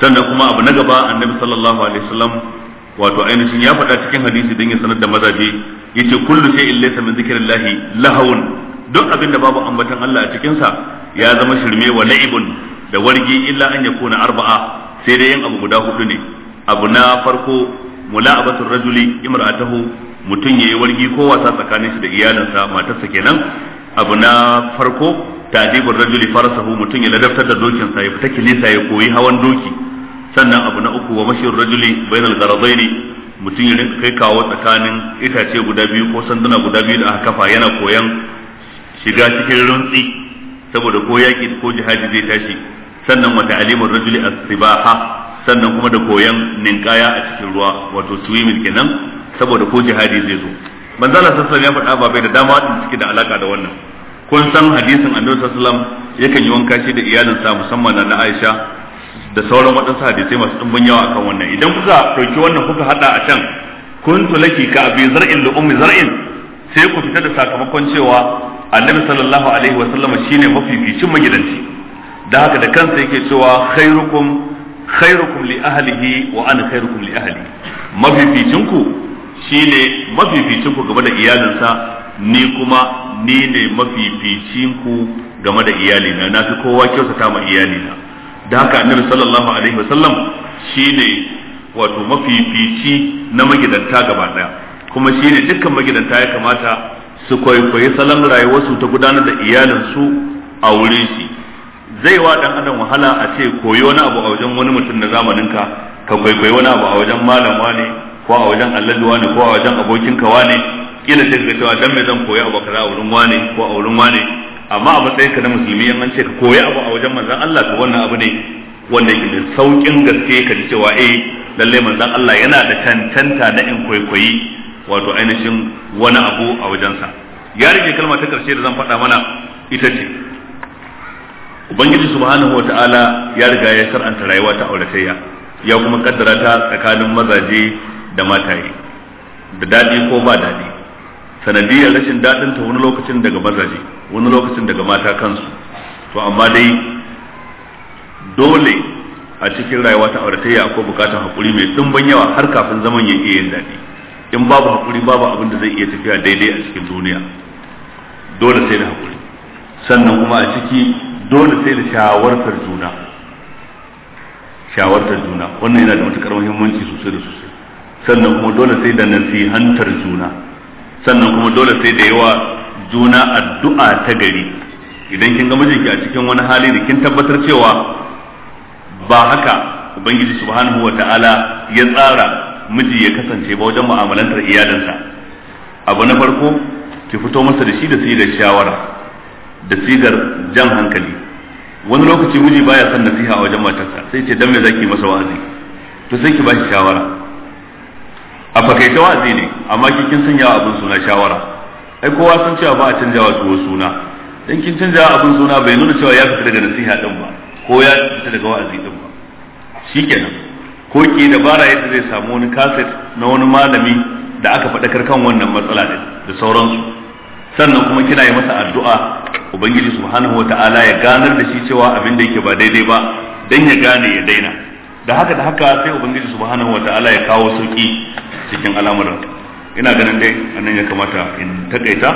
sannan kuma abu na gaba annabi sallallahu alaihi wasallam wato ainihin ya faɗa cikin hadisi dan ya sanar da mazaje yace kullu illa laysa min zikrillah lahawun duk abin da babu ambatan Allah a cikin sa ya zama shirme wa la'ibun da wargi illa an yakuna arba'a sai dai yin abu guda hudu ne abu na farko mula'abatul rajuli imra'atahu mutum yayi wargi ko wasa tsakanin shi da iyalansa matarsa kenan abu na farko tadibur rajuli farasahu mutum ya ladabtar da dokin sa ya fita kilisa ya koyi hawan doki sannan abu na uku wa mashir rajuli bainal gharadaini mutum ya rinka kai kawo tsakanin itace guda biyu ko sanduna guda biyu da aka kafa yana koyan shiga cikin runtsi saboda ko yaki ko jihadi zai tashi sannan wata alimar rajuli as-sibaha sannan kuma da koyon ninkaya a cikin ruwa wato swimming kenan saboda ko jihadi zai zo manzo Allah sallallahu ya faɗa bai da dama din cike da alaka da wannan kun san hadisin annabi sallallahu yakan yi wanka shi da iyalinsa musamman na Aisha da sauran waɗansu hadisai masu ɗumbin yawa akan wannan idan kuka ɗauki wannan kuka haɗa a can kuntu laki ka abi zar'in li ummi zar'in sai ku fita da sakamakon cewa annabi sallallahu alaihi wa sallama shine mafificin magidanci da haka da kansa yake cewa khairukum khairukum li ahlihi wa ana khairukum li ahli mafificin ku shine mafificin game da iyalinsa ni kuma ni ne mafificin ku game da iyalina na fi kowa kyautata ma iyalina da haka annabi sallallahu alaihi wasallam shine wato mafifici na magidanta gaba daya kuma shine dukkan magidanta ya kamata su kwaikwayi salon rayuwarsu ta gudanar da iyalinsu a wurin shi zai wa dan adam wahala a ce koyo wani abu a wajen wani mutum na zamanin ka ka kwaikwayi wani abu a wajen malam wane ko a wajen alladu wane ko a wajen abokin ka wane kila sai ka cewa dan me zan koyi abu kaza a wurin wane ko a wurin wane amma a matsayinka ka na musulmi an ce ka koyi abu a wajen manzon Allah to wannan abu ne wanda yake da saukin gaske ka ji cewa eh lalle manzon Allah yana da cancanta da in kwaikwayi wato ainihin wani abu a wajensa ya rike kalmar ta karshe da zan faɗa mana ita ce ubangiji subhanahu wataala ya riga ya shar'anta rayuwa ta auratayya ya kuma kaddara ta tsakanin mazaje da mataye da dadi ko ba dadi sanadiyar rashin dadin ta wani lokacin daga mazaje wani lokacin daga mata kansu to amma dai dole a cikin rayuwa ta auratayya akwai bukatar hakuri mai dimbin yawa har kafin zaman ya iya yin dadi in babu hakuri babu abin da zai iya tafiya daidai a cikin duniya dole sai da hakuri sannan kuma a ciki dole sai da shawartar juna shawartar juna wannan yana da matukar muhimmanci sosai da sosai sannan kuma dole sai da nasihantar juna sannan kuma dole sai da yawa juna addu'a ta gari idan kin ga mijinki a cikin wani hali da kin tabbatar cewa ba haka ubangiji subhanahu wata'ala ya tsara miji ya kasance ba wajen mu'amalantar iyalinsa abu na farko ki fito masa da shi da sai da shawara da sigar jan hankali wani lokaci miji baya son nasiha a wajen matarsa sai ce dan me zaki masa wa'azi to sai ki bashi shawara a fakaita wa'azi ne amma ki kin sanya abin suna shawara ai kowa sun cewa ba a canja wa suna dan kin canja abin suna bai nuna cewa ya fita daga nasiha din ba ko ya fita daga wa'azi din ba shikenan ko ki dabara yadda zai samu wani kaset na wani malami da aka faɗakar kan wannan matsala din da sauransu sannan kuma kina yi masa addu'a ubangiji subhanahu wataala ya ganar da shi cewa abin da yake ba daidai ba dan ya gane ya daina da haka da haka sai ubangiji subhanahu wataala ya kawo sauki cikin al'amuran ina ganin dai annan ya kamata in takaita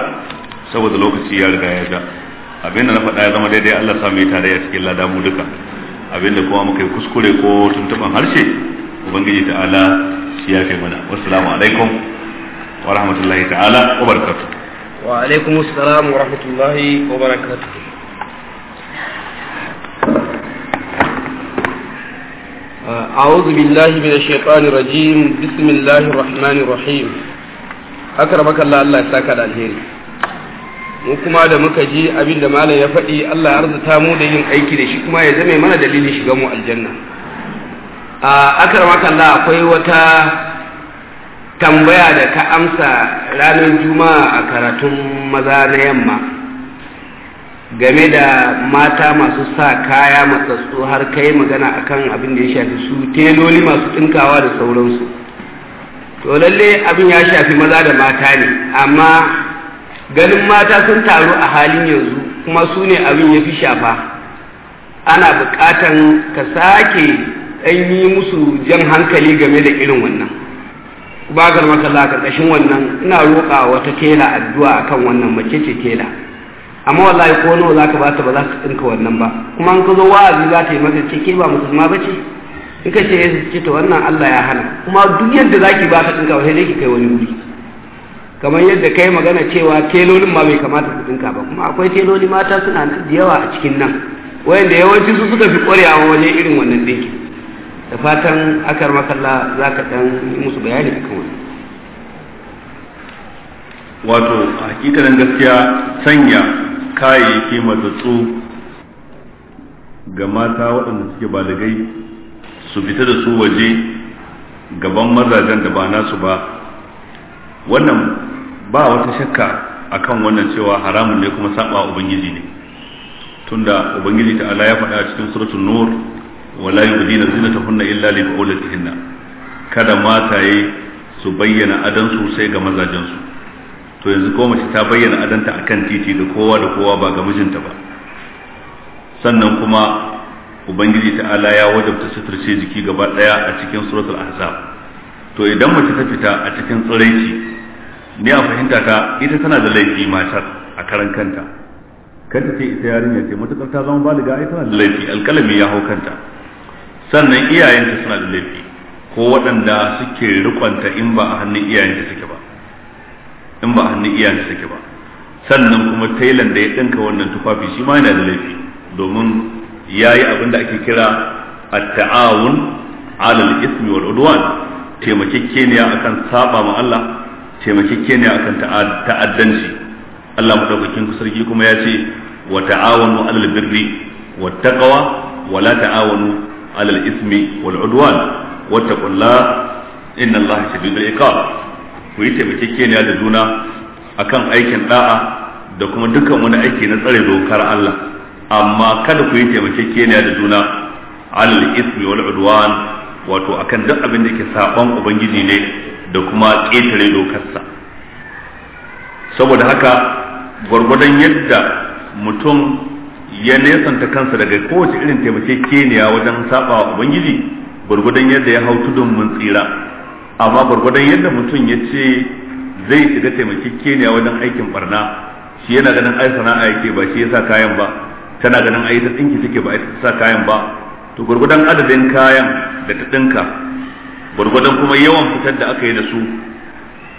saboda lokaci ya riga ya ja abin da na faɗa ya zama daidai Allah sa mu yi tare a cikin lada duka abin da kuma muka yi kuskure ko tuntuban harshe ubangiji ta'ala shi ya fi mana wassalamu alaikum wa rahmatullahi ta'ala wa barakatuh wa alaikum assalam wa rahmatullahi wa barakatuh أعوذ بالله من الشيطان الرجيم بسم الله الرحمن الرحيم أكرمك الله الله mu kuma da muka ji abin da malam ya faɗi Allah ya arzuta mu da yin aiki da shi kuma ya zame mana dalilin shiga mu aljanna a uh, akar makalla akwai wata tambaya da ka amsa ranar juma'a a karatun maza na yamma game da mata masu sa kaya matsatsu har kai magana akan abin da ya shafi su teloli masu tinkawa da sauransu to lalle abin ya shafi maza da mata ne amma ganin mata sun taru a halin yanzu kuma su ne abin ya fi shafa ana bukatan ka sake yi musu jan hankali game da irin wannan bagar masalla karkashin wannan ina roƙa wata tela addu'a akan wannan mace ce tela amma wallahi ko nawa zaka bata ba za ka tsinka wannan ba kuma an ka wa'azi za ta yi maka ce ke ba musulma ba ce in ka ce ce to wannan Allah ya hana kuma duk yadda za ki ba ta tsinka ba sai ki kai wani wuri kamar yadda kai magana cewa telolin ma bai kamata su tsinka ba kuma akwai teloli mata suna da yawa a cikin nan wayanda yawanci su suka fi ƙwarewa wajen irin wannan ɗinkin da fatan akar makalla za ka ɗan yi musu bayani a kan wato a hakikanin gaskiya sanya kayayyaki matsatsu ga mata waɗanda suke balagai su fita da su waje gaban mazajen da ba nasu ba wannan ba wata shakka a kan wannan cewa haramun ne kuma saba ubangiji ne tunda ubangiji ta ala ya faɗa cikin suratul nur wala yubdina zinatahunna illa li kada mataye su bayyana adan su sai ga mazajen su to yanzu ko mace ta bayyana adanta akan titi da kowa da kowa ba ga mijinta ba sannan kuma ubangiji ta Ala ya wajabta suturce jiki gaba daya a cikin suratul ahzab to idan mace ta fita a cikin tsiraici ni a fahimta ta ita tana da laifi matar a karan kanta kanta ce ita yarinya ce matakar ta zama baliga ita tana da laifi alkalami ya hau kanta sannan iyayenta suna da laifi ko waɗanda suke rikonta in ba a hannun iyayenta suke ba in ba a hannun iyayenta suke ba sannan kuma tailan da ya ɗinka wannan tufafi shi ma yana da laifi domin ya yi abin da ake kira a taawun alal ismi wal udwan taimakekeniya akan saba ma Allah taimakekeniya akan ta'addanci Allah madaukakin sarki kuma ya ce wa ta'awanu alal birri wat taqwa wa la ta'awanu على الإثم والعدوان واتقوا الله إن الله شديد العقاب ويتي بتكين يا دجونا أكن أيكن داعا da kuma dukkan wani aiki na tsare dokar Allah amma kada ku yi taimakekeniya da juna alal ismi wal udwan wato akan duk abin da yake saɓan ubangiji ne da kuma ƙetare dokarsa saboda haka gwargwadon yadda mutum ya nesanta kansa daga kowace irin taimakekeniya wajen saba wa ubangiji gwargwadon yadda ya hau tudun mun tsira amma gwargwadon yadda mutum ya ce zai shiga taimakekeniya wajen aikin barna shi yana ganin ai sana'a yake ba shi yasa kayan ba tana ganin ai ta tsinki take ba ai sa kayan ba to gwargwadon adadin kayan da ta dinka gwargwadon kuma yawan fitar da aka yi da su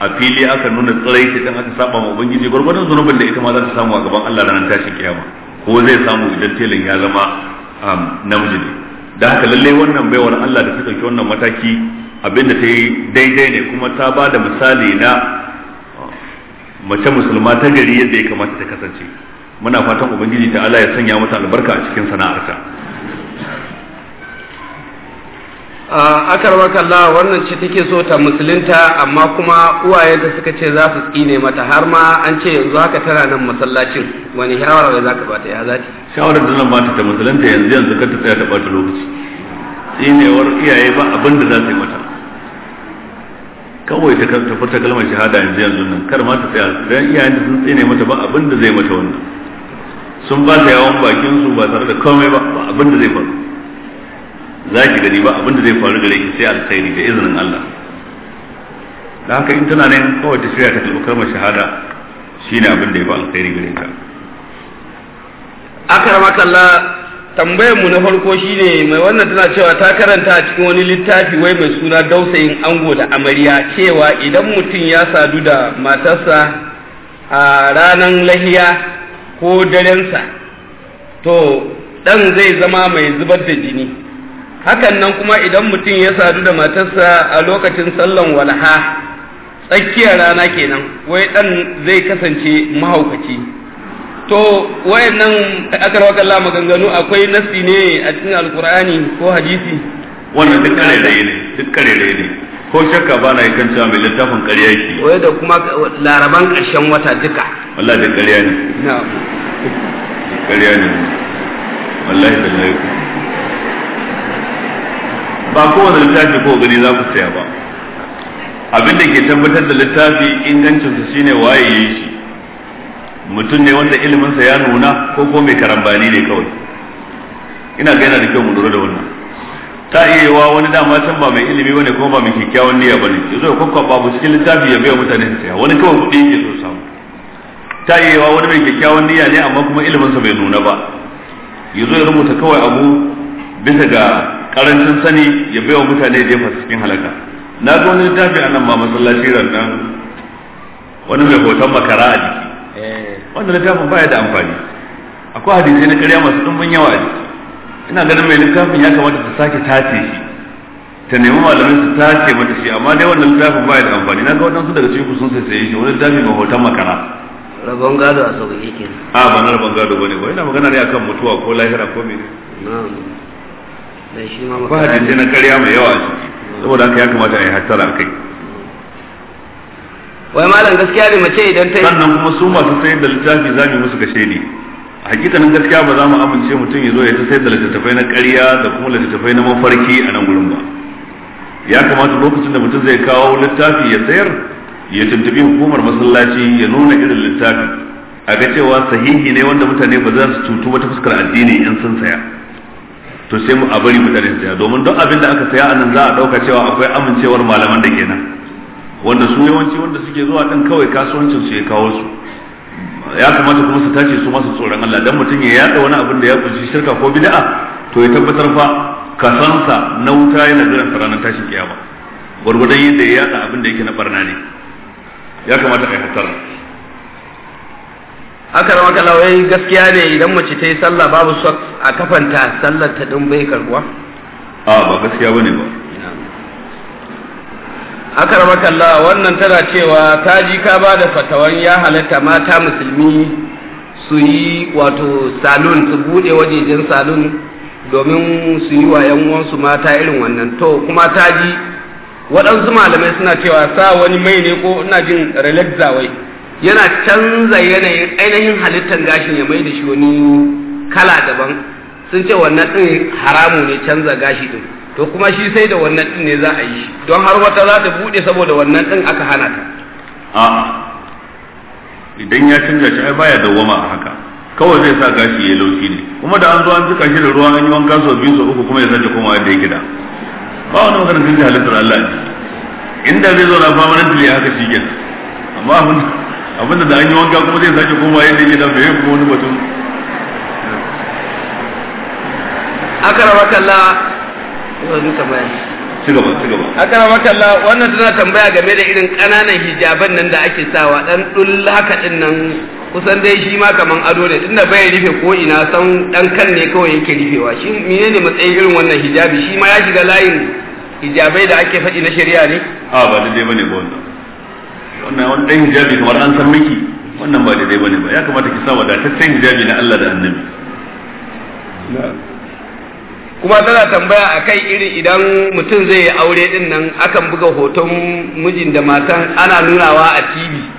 a fili aka nuna tsirai ta aka saba ma ubangiji gwargwadon zunubin da ita ma za ta samu a gaban Allah ranar tashin kiyama ko zai samu idan telan ya zama um, namiji ne da haka lallai wannan baiwar Allah da ta ɗauki wannan mataki abinda ta yi daidai ne kuma ta ba da misali na uh, mace musulma ta gari yadda ya kamata ta kasance muna fatan ubangiji ta Allah ya sanya mata albarka a cikin sana'arta akar Kalla wannan ce take so ta musulunta amma kuma uwayenta suka ce za su tsine mata har ma an ce yanzu haka tana nan masallacin wani shawara da za ka bata ya zaki shawarar da zan bata ta musulunta yanzu yanzu ka ta tsaya ta bata lokaci tsinewar iyaye ba abin da za su yi mata kawai ta ta furta kalmar shahada yanzu yanzu nan kar ma ta tsaya dan iyayen da sun tsine mata ba abin da zai mata wannan sun ba ta yawon bakin su ba tare da komai ba abin da zai faru za ki gani ba abinda zai faru gare ki sai alkhairi da izinin Allah da haka in tana nan kawai ta shirya ta kalli kalmar shahada shine abin da ya ba alkhairi gare ta akramaka Allah tambayar mu na farko shine mai wannan tana cewa ta karanta a cikin wani littafi wai mai suna dausayin ango da amarya cewa idan mutum ya sadu da matarsa a ranar lahiya ko darensa to dan zai zama mai zubar da jini hakan nan kuma idan mutum ya sadu da matarsa a lokacin sallan walha tsakiyar rana kenan wai dan zai kasance mahaukaci to wayannan akarwakalla maganganu akwai nasi ne a cikin alkur'ani ko hadisi wannan duk da ne duk da ne ko shakka ba na yakan cewa mai littafin ƙarya yake wai da kuma laraban ƙarshen wata duka wallahi duk ƙarya ne ƙarya ne wallahi billahi ba kowane littafi ko gani za ku saya ba abin da ke tabbatar da littafi ingancinsa shine waye yi shi mutum ne wanda iliminsa ya nuna ko ko mai karambani ne kawai ina ga yana da kyau mu lura da wannan ta iya wa wani dama can ba mai ilimi bane ko ba mai kyakkyawan niyya bane yazo kokko babu cikin littafi ya bai mutane saya wani kawai kuɗi yake so samu ta iya wa wani mai kyakkyawan niyya ne amma kuma iliminsa bai nuna ba zo ya rubuta kawai abu bisa ga karancin sani ya baiwa mutane da ya cikin halaka na ga wani littafi a nan ma masallaci rannan wani mai hoton makara a jiki eh. wanda littafin baya da amfani akwai hadisai na karya masu ɗumbin yawa a jiki ina ganin mai littafin ya kamata ta sake tace shi ta nemi malamin su tace mata shi amma dai wannan littafin baya da amfani na ga waɗansu daga cikin sun sai shi wani littafi mai hoton makara rabon gado a sauƙi ke a ba na rabon gado bane ba ina magana ne akan mutuwa ko lahira ko mene ba na karya mai yawa saboda haka ya kamata a yi hattara kai wai malam gaskiya ne mace idan ta yi sannan kuma su masu sayar da littafi za mu musu kashe ne hakikanin gaskiya ba za mu amince mutum ya zo ya ta sayar da littattafai na karya da kuma littattafai na mafarki a nan gurin ba ya kamata lokacin da mutum zai kawo littafi ya sayar ya tuntubi hukumar masallaci ya nuna irin littafi a ga cewa sahihi ne wanda mutane ba za su cutu wata fuskar addini in sun saya to sai mu a bari mu su saya domin duk abin da aka saya a nan za a dauka cewa akwai amincewar malaman da kenan wanda su yawanci wanda suke zuwa din kawai kasuwancin su ya kawo su ya kamata kuma su tace su masu tsoron Allah dan mutum ya yada wani abin da ya kunshi shirka ko bid'a to ya tabbatar fa kasansa na wuta yana jiran sa ranar tashin kiyama gwargwadon yadda ya yada abin da yake na barna ne ya kamata a yi aka rama kalawai eh, gaskiya ne idan mace ta yi sallah babu sok a kafanta sallar ta din bai karbuwa a ba gaskiya bane ba aka rama kalla wannan tana cewa ta ji ka ba da fatawan ya halatta mata musulmi su yi wato salon su bude wajejen salon domin su yi wa yan mata irin wannan to kuma ta ji waɗansu malamai suna cewa sa wani mai ne ko ina jin relaxawai yana canza yanayin ainihin halittar gashin ya mai da shi wani kala daban sun ce wannan ɗin haramu ne canza gashi ɗin to kuma shi sai da wannan ɗin ne za a yi don har wata za ta buɗe saboda wannan ɗin aka hana ta a'a idan ya canza shi ai baya dawwama a haka kawai zai sa gashi ya lauki ne kuma da an zo an jika shi da ruwa an yi wanka sau biyu sau uku kuma ya sake komawa yadda ya gida ba wani maganar canza halittar Allah ne inda zai zo na permanently haka shi kenan amma abin abinda da an yi wanka kuma zai sake koma yadda yake da bayan kuma wani batun akara makalla yanzu tambaya ci Cigaba ci gaba akara makalla wannan tana tambaya game da irin kananan hijaban nan da ake sawa dan dulla haka din nan kusan dai shi ma kaman ado ne tunda bai rufe ko ina san dan kan ne kawai yake rufewa shi menene matsayin irin wannan hijabi shi ma ya shiga layin hijabai da ake faɗi na shari'a ne a ba daidai bane ba wannan wannan wani dan hijabi kamar an san miki wannan ba daidai bane ba ya kamata ki sa wadataccen hijabi na Allah da annabi kuma tana tambaya a kai irin idan mutum zai yi aure din nan akan buga hoton mijin da matan ana nunawa a tv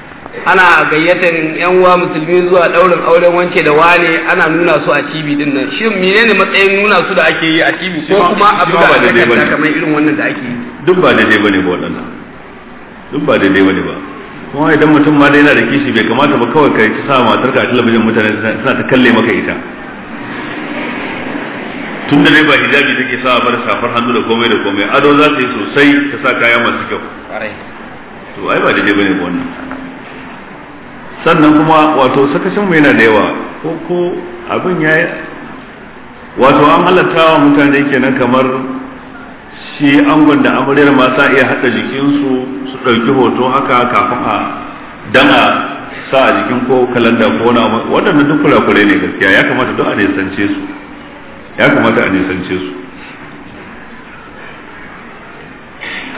ana gayyatar yan uwa musulmi zuwa daurin auren wance da wane ana nuna su a tv din nan shin menene matsayin nuna su da ake yi a tv ko kuma a buga a takarda kamar irin wannan da ake yi duk ba daidai bane ba waɗannan duk ba daidai bane ba kuma idan mutum ma da yana da kishi bai kamata ba kawai ka yi sa matar ka a talabijin mutane suna ta kalle maka ita tun da dai ba hijabi take sa a bar safar hannu da komai da komai ado za ta yi sosai ta sa kaya masu kyau to ai ba daidai bane wannan sannan kuma wato sakashin mu yana da yawa ko ko abin yayi wato an halatta wa mutane kenan kamar shi angon da amaryar ma sa iya haɗa jikinsu su ɗauki hoto haka kafin a dana sa a jikin ko kalanda ko wani abu waɗannan duk kurakurai ne gaskiya ya kamata duk a nisance su ya kamata a nisance su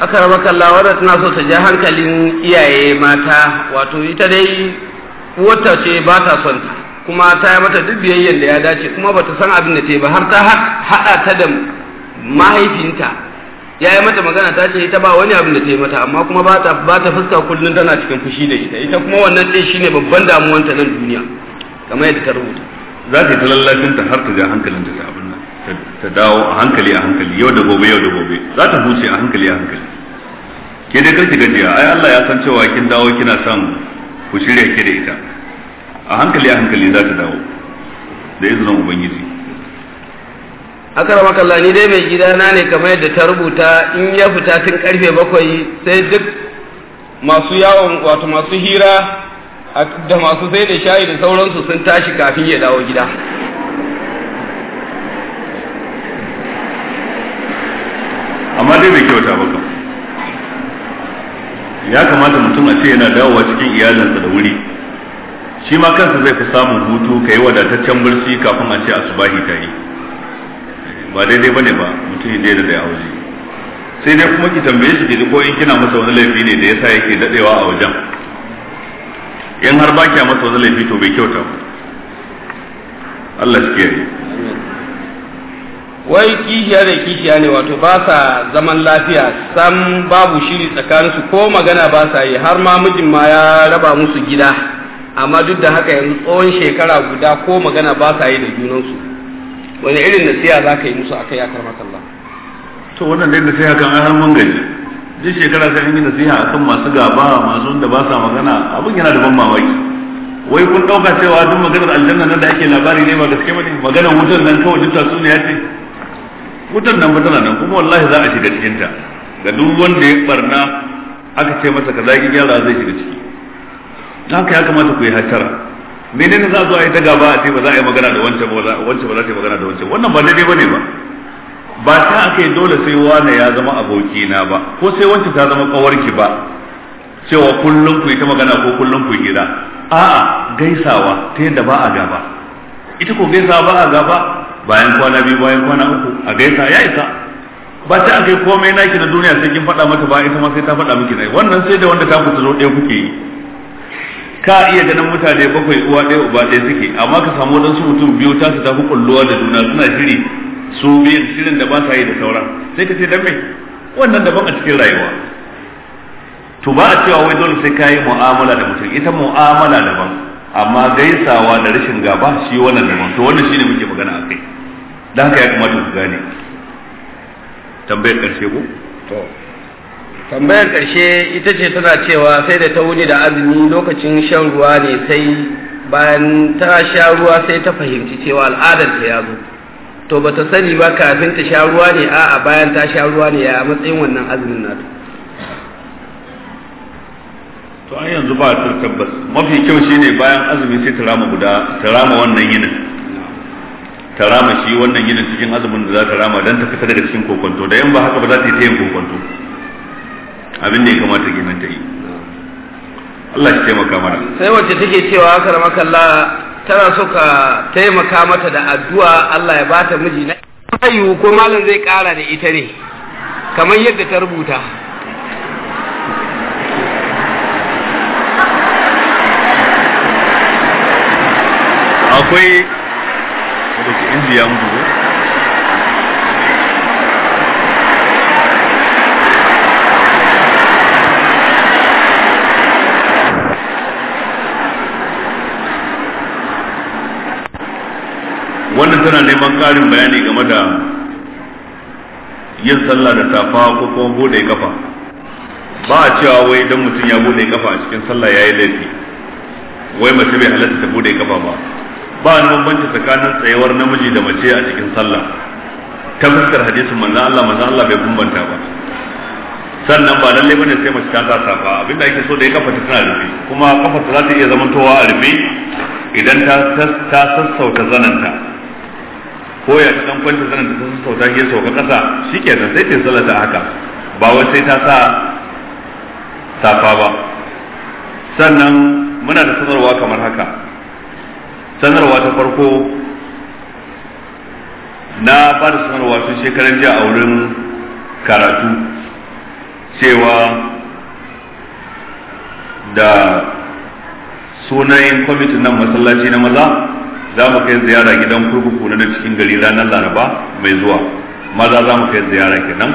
raba kalla wadda tana so ta ja hankalin iyaye mata wato ita dai wata ce ba ta son ta kuma ta yi mata duk biyayyen da ya dace kuma ba ta san abin da ta yi ba har ta haɗa ta da mahaifinta ya yi mata magana ta ce ita ba wani abin da ta yi mata amma kuma ba ta ba ta fuska kullun tana cikin fushi da ita ita kuma wannan din shine babban ta nan duniya kamar yadda ta rubuta za ta yi lallacin ta har ta ja hankalin ta abin nan ta dawo a hankali a hankali yau da gobe yau da gobe za ta huce a hankali a hankali ke dai karki gajiya ai Allah ya san cewa kin dawo kina son ku shirya ke da ita a hankali a hankali za ta dawo da izinin ubangiji akarama kalla ni dai mai gida na ne kamar yadda ta rubuta in ya fita tun karfe bakwai sai duk masu yawon wato masu hira da masu sai da shayi da sauransu sun tashi kafin ya dawo gida amma dai bai kyauta ba ya kamata mutum a ce yana dawowa cikin iyalinsa da wuri shi ma kansa zai fi samun hutu ka yi wadataccen barci kafin a ce asubahi ta yi ba daidai bane ba mutum ya daina da ya auji. sai dai kuma ki tambaye shi ki ko in kina masa wani laifi ne da yasa yake dadewa a wajen in har ba kiya masa wani laifi to bai kyauta ba Allah shi kiyaye wai kishiya da kishiya ne wato ba sa zaman lafiya sam babu shiri tsakanin su ko magana ba sa yi har ma mijin ma ya raba musu gida amma duk da haka yanzu tsawon shekara guda ko magana ba sa yi da junansu wani irin nasiha za ka yi musu a kai akar Allah. to wannan dai nasiha kan ai har mun gani duk shekara sai an yi nasiha a kan masu gaba masu wanda ba sa magana abin yana da ban mamaki wai kun dauka cewa duk maganar aljanna nan da ake labari ne ba gaske ba ne maganar wutar nan kawai duk tasu ne ya ce wutar nan ba tana nan kuma wallahi za a shiga cikinta. ta ga duk wanda ya barna aka ce masa kaza ki gyara zai shiga ciki haka ya kamata ku yi hatara Mene ne za a zo a yi ta gaba a ce ba za a yi magana da wancan ba wancan ba za ta yi magana da wancan wannan ba daidai bane ba ba ta aka yi dole sai wani ya zama abokina ba ko sai wancan ta zama ki ba cewa kullum ku yi ta magana ko kullum ku gida. a'a gaisawa ta yadda ba a gaba ita ko gaisawa ba a gaba bayan kwana biyu bayan kwana uku a gaisa ya isa ba ta aka yi komai naki na duniya sai kin faɗa mata ba ita ma sai ta faɗa miki na wannan sai da wanda ta ku zo ɗaya kuke yi ka iya ganin mutane bakwai uwa ɗaya uba ɗaya suke amma ka samu waɗansu mutum biyu ta su tafi kulluwa da juna suna shiri su biyan shirin da ba sa yi da sauran sai ka ce dan me wannan daban a cikin rayuwa to ba a cewa wai dole sai ka yi mu'amala da mutum ita mu'amala daban amma gaisawa da rashin gaba shi wannan daban to wannan shine muke magana a kai dan haka ya kamata ku gane tambayar karshe ko to tambayar ƙarshe ita ce tana cewa sai da ta wuni da azumi lokacin shan ruwa ne sai bayan ta sha ruwa sai ta fahimci cewa al'adar ta ya zo to ba ta sani ba kafin ta sha ruwa ne a'a bayan ta sha ruwa ne ya matsayin wannan azumin nata to an yanzu ba ta tabbas mafi kyau shine bayan azumi sai ta rama guda ta rama wannan yinin ta rama shi wannan yinin cikin azumin da za ta rama don ta fita daga cikin kokonto da yan ba haka ba za ta yi ta yin kokonto abin da ya kamata kenan ta yi Allah ya taimaka mana sai wacce take cewa aka rama kalla tana so ka taimaka mata da addu'a Allah ya bata miji na ayu ko malam zai kara da ita ne kamar yadda ta rubuta akwai da ke indiya mu wannan tana neman karin bayani game da yin sallah da tafa ko kuma bude kafa ba a cewa wai don mutum ya bude kafa a cikin sallah ya yi laifi wai mace bai halatta ta bude kafa ba ba neman bambanci tsakanin tsayuwar namiji da mace a cikin sallah ta fuskar hadisin manzan Allah manzan Allah bai bambanta ba sannan ba lalle bane sai mace ta sa Abin abinda ake so da ya kafa ta tana rufe kuma kafa ta za ta iya zamantowa a rufe idan ta sassauta zananta ko ya ta dan kwanta sanar da sun sauta ke sauka kasa da sai ta sallah ta haka ba wai sai ta sa safa ba sannan muna da sanarwa kamar haka sanarwa ta farko na ba da sanarwa sun shekaran jiya a wurin karatu cewa da sunayen kwamitin nan masallaci na maza za mu kai ziyara gidan kurkuku na cikin gari ranar laraba mai zuwa maza za mu kai ziyara kenan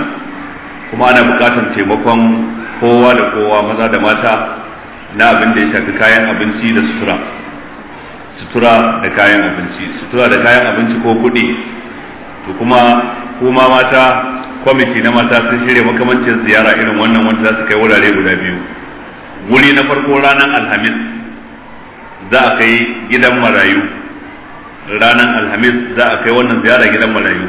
kuma ana bukatar taimakon kowa da kowa maza da mata na abin da ya shafi kayan abinci da sutura sutura da kayan abinci sutura da kayan abinci ko kuɗi to kuma kuma mata kwamiti na mata sun shirya makamancin ziyara irin wannan wanda za su kai wurare guda biyu wuri na farko ranar alhamis za a kai gidan marayu Ranan alhamis za a kai wannan ziyara gidan marayu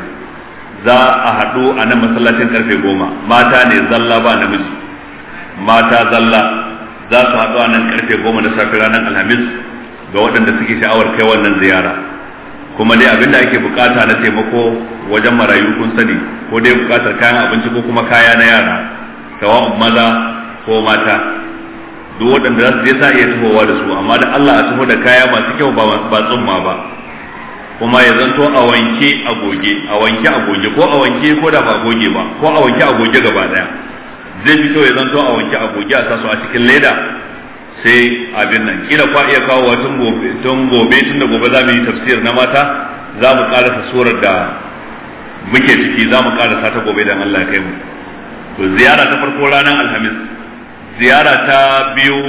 za a haɗu a nan masallacin karfe goma mata ne zalla ba namiji mata zalla za su haɗu a nan karfe goma na safe ranar alhamis ga waɗanda suke sha'awar kai wannan ziyara kuma dai abinda da ake bukata na taimako wajen marayu kun sani ko dai bukatar kayan abinci ko kuma kaya na yara tawa'un maza ko mata duk waɗanda za su je sa iya tafowa da su amma da Allah a tafi da kaya masu kyau ba tsumma ba kuma ya zanto a wanke a goge a wanke a goge ko a wanke ko da ba goge ba ko a wanke a goge gaba daya zai fito ya zanto a wanke a goge a sa su a cikin leda sai abin nan kila kwa iya kawo tun gobe tun gobe tun da gobe za mu yi tafsir na mata za mu karasa surar da muke ciki za mu karasa ta gobe dan Allah ya kai mu to ziyara ta farko ranar alhamis ziyara ta biyu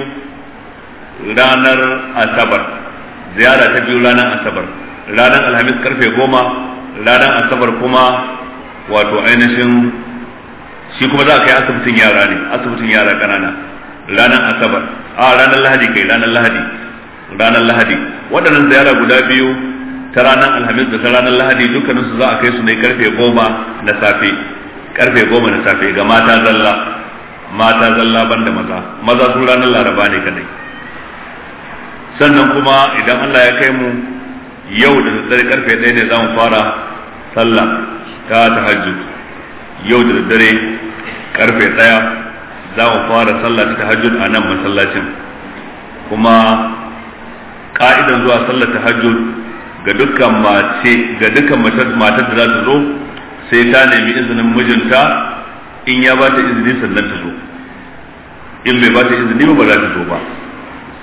ranar asabar ziyara ta biyu ranar asabar ranar alhamis karfe goma ranar asabar kuma wato ainihin shi kuma za a kai asibitin yara ne asibitin yara kanana ranar asabar a ranar lahadi kai ranar lahadi ranar lahadi waɗannan ziyara guda biyu ta ranar alhamis da ta ranar lahadi dukkaninsu za a kai su ne karfe goma na safe karfe goma na safe ga mata zalla mata zalla banda maza maza sun ranar laraba ne kadai sannan kuma idan allah ya kai mu yau da daddare karfe ɗaya ne za mu fara sallah ta tahajjud yau da daddare karfe ɗaya za mu fara sallah ta tahajjud a nan masallacin kuma ka'idan zuwa ta hajjud ga dukkan mace ga dukkan mata da za ta zo sai ta nemi izinin mijinta in ya ba ta izini sannan ta zo in bai ba ta izini ba ba za ta zo ba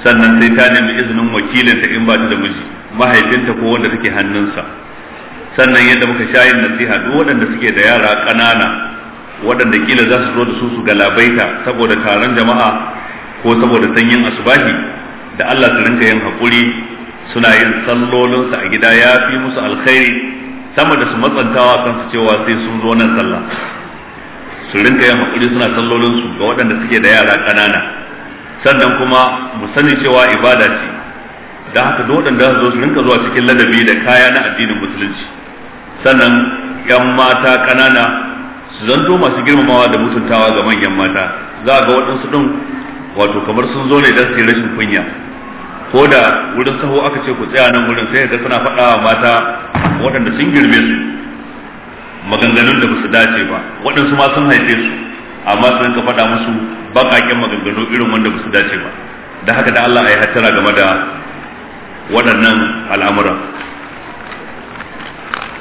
sannan sai ta nemi izinin wakilinta in ba ta da miji mahaifinta ko wanda take hannunsa sannan yadda muka sha yin nasiha duk waɗanda suke da yara ƙanana waɗanda kila za su zo da su su galabaita saboda taron jama'a ko saboda sanyin asubahi da Allah su rinka yin haƙuri suna yin sallolinsu a gida ya fi musu alkhairi sama da su matsantawa kan su cewa sai sun zo nan sallah su rinka yin haƙuri suna sallolinsu ga waɗanda suke da yara ƙanana sannan kuma mu sani cewa ibada ce da haka duk waɗanda zo su ninka zuwa cikin ladabi da kaya na addinin musulunci sannan yan mata kanana su zanto masu girmamawa da mutuntawa ga manyan mata za a ga waɗansu ɗin wato kamar sun zo ne don su yi rashin kunya ko da wurin saho aka ce ku tsaya nan wurin sai ga suna faɗa wa mata waɗanda sun girme su maganganun da ba su dace ba waɗansu ma sun haife su amma su ka faɗa musu baƙaƙen maganganu irin wanda ba su dace ba da haka da Allah ya hattara game da waɗannan al'amuran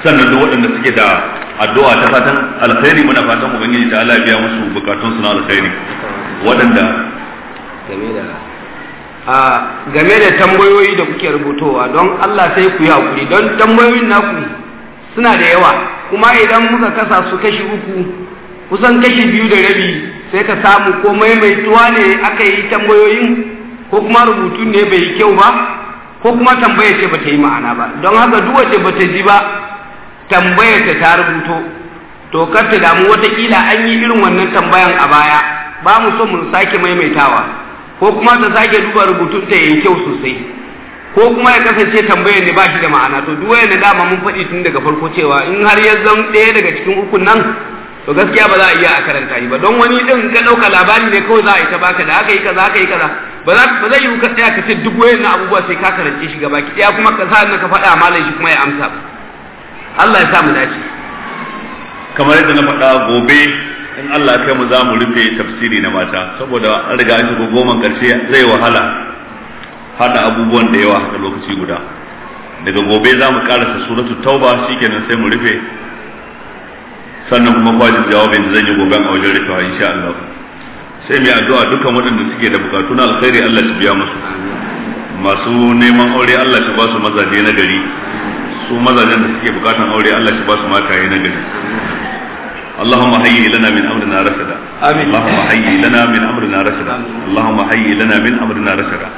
sannan da waɗanda suke da addu'a ta fatan alkhairi muna fatan ubangiji ta Allah biya musu bukatun su na alkhairi waɗanda game da a game da tambayoyi da kuke rubutowa don Allah sai ku yi hakuri don tambayoyin naku suna da yawa kuma idan muka kasa su kashi uku kusan kashi biyu da rabi sai ka samu ko maimaituwa ne aka yi tambayoyin ko kuma rubutun ne bai yi kyau ba ko kuma tambaya ce bata yi ma'ana ba don haka duk wace ta ji ba tambaya ta ta rubuto to kar ta damu watakila an yi irin wannan tambayan a baya ba mu so mu sake maimaitawa ko kuma ta sake duba rubutun ta yayi kyau sosai ko kuma ya kasance tambayar ne ba shi da ma'ana to duk wayan dama mun faɗi tun daga farko cewa in har ya zan ɗaya daga cikin uku nan to gaskiya ba za a iya a karanta ba don wani din ka ɗauka labari ne kawai za a yi ta baka da haka yi kaza haka yi kaza ba za ba zai yi ka tsaya ka ce duk wayannan abubuwa sai ka karance shi gaba ki ɗaya kuma ka sa ka faɗa malam shi kuma ya amsa ba Allah ya sa mu dace kamar yadda na faɗa gobe in Allah kai mu za mu rufe tafsiri na mata saboda an riga an shigo goma karshe zai wahala hada abubuwan da yawa haka lokaci guda daga gobe za mu ƙarasa suratul tauba shikenan sai mu rufe sannan kuma kwajin jawabin da zan yi gobe a wajen rufe insha Allah sai mai addu'a dukkan waɗanda suke da bukatu na alkhairi Allah su biya musu masu neman aure Allah su ba su mazaje na gari su mazajen da suke bukatan aure Allah su ba su mataye na gari اللهم هيئ لنا من امرنا رشدا اللهم هيئ لنا من امرنا رشدا اللهم هيئ لنا من امرنا رشدا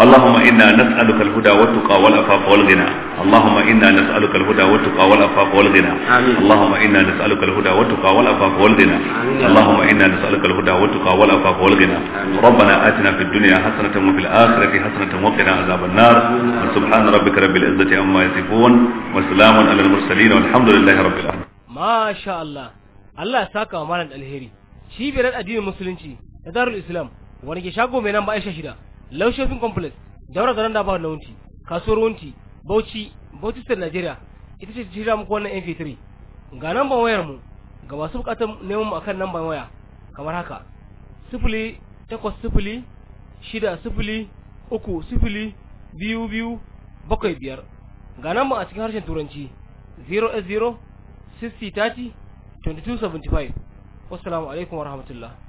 اللهم إنا نسألك الهدى والتقى والعفاف والغنى اللهم إنا نسألك الهدى والتقى والعفاف والغنى اللهم إنا نسألك الهدى والتقى والعفاف والغنى اللهم إنا نسألك الهدى والتقى والعفاف والغنى ربنا آتنا في الدنيا حسنة وفي الآخرة حسنة وقنا عذاب النار سبحان ربك رب العزة عما يصفون وسلام على المرسلين والحمد لله رب العالمين ما شاء الله الله ساكا ومانا الهيري شيبير الدين المسلمين دار الإسلام wani ke shago mai nan ba aisha shida Law Shopping Complex, Daura da ba na Wunti, Kasuwar Wunti, Bauchi, Bauchi State Nigeria, ita ce jira muku wannan MP3. Ga namban wayar mu, ga masu bukatar neman mu akan namban waya, kamar haka, sifili takwas sifili shida sifili uku sifili biyu biyu bakwai biyar. Ga namban a cikin harshen Turanci, 080 6030 2275. Wassalamu alaikum warahmatullahi.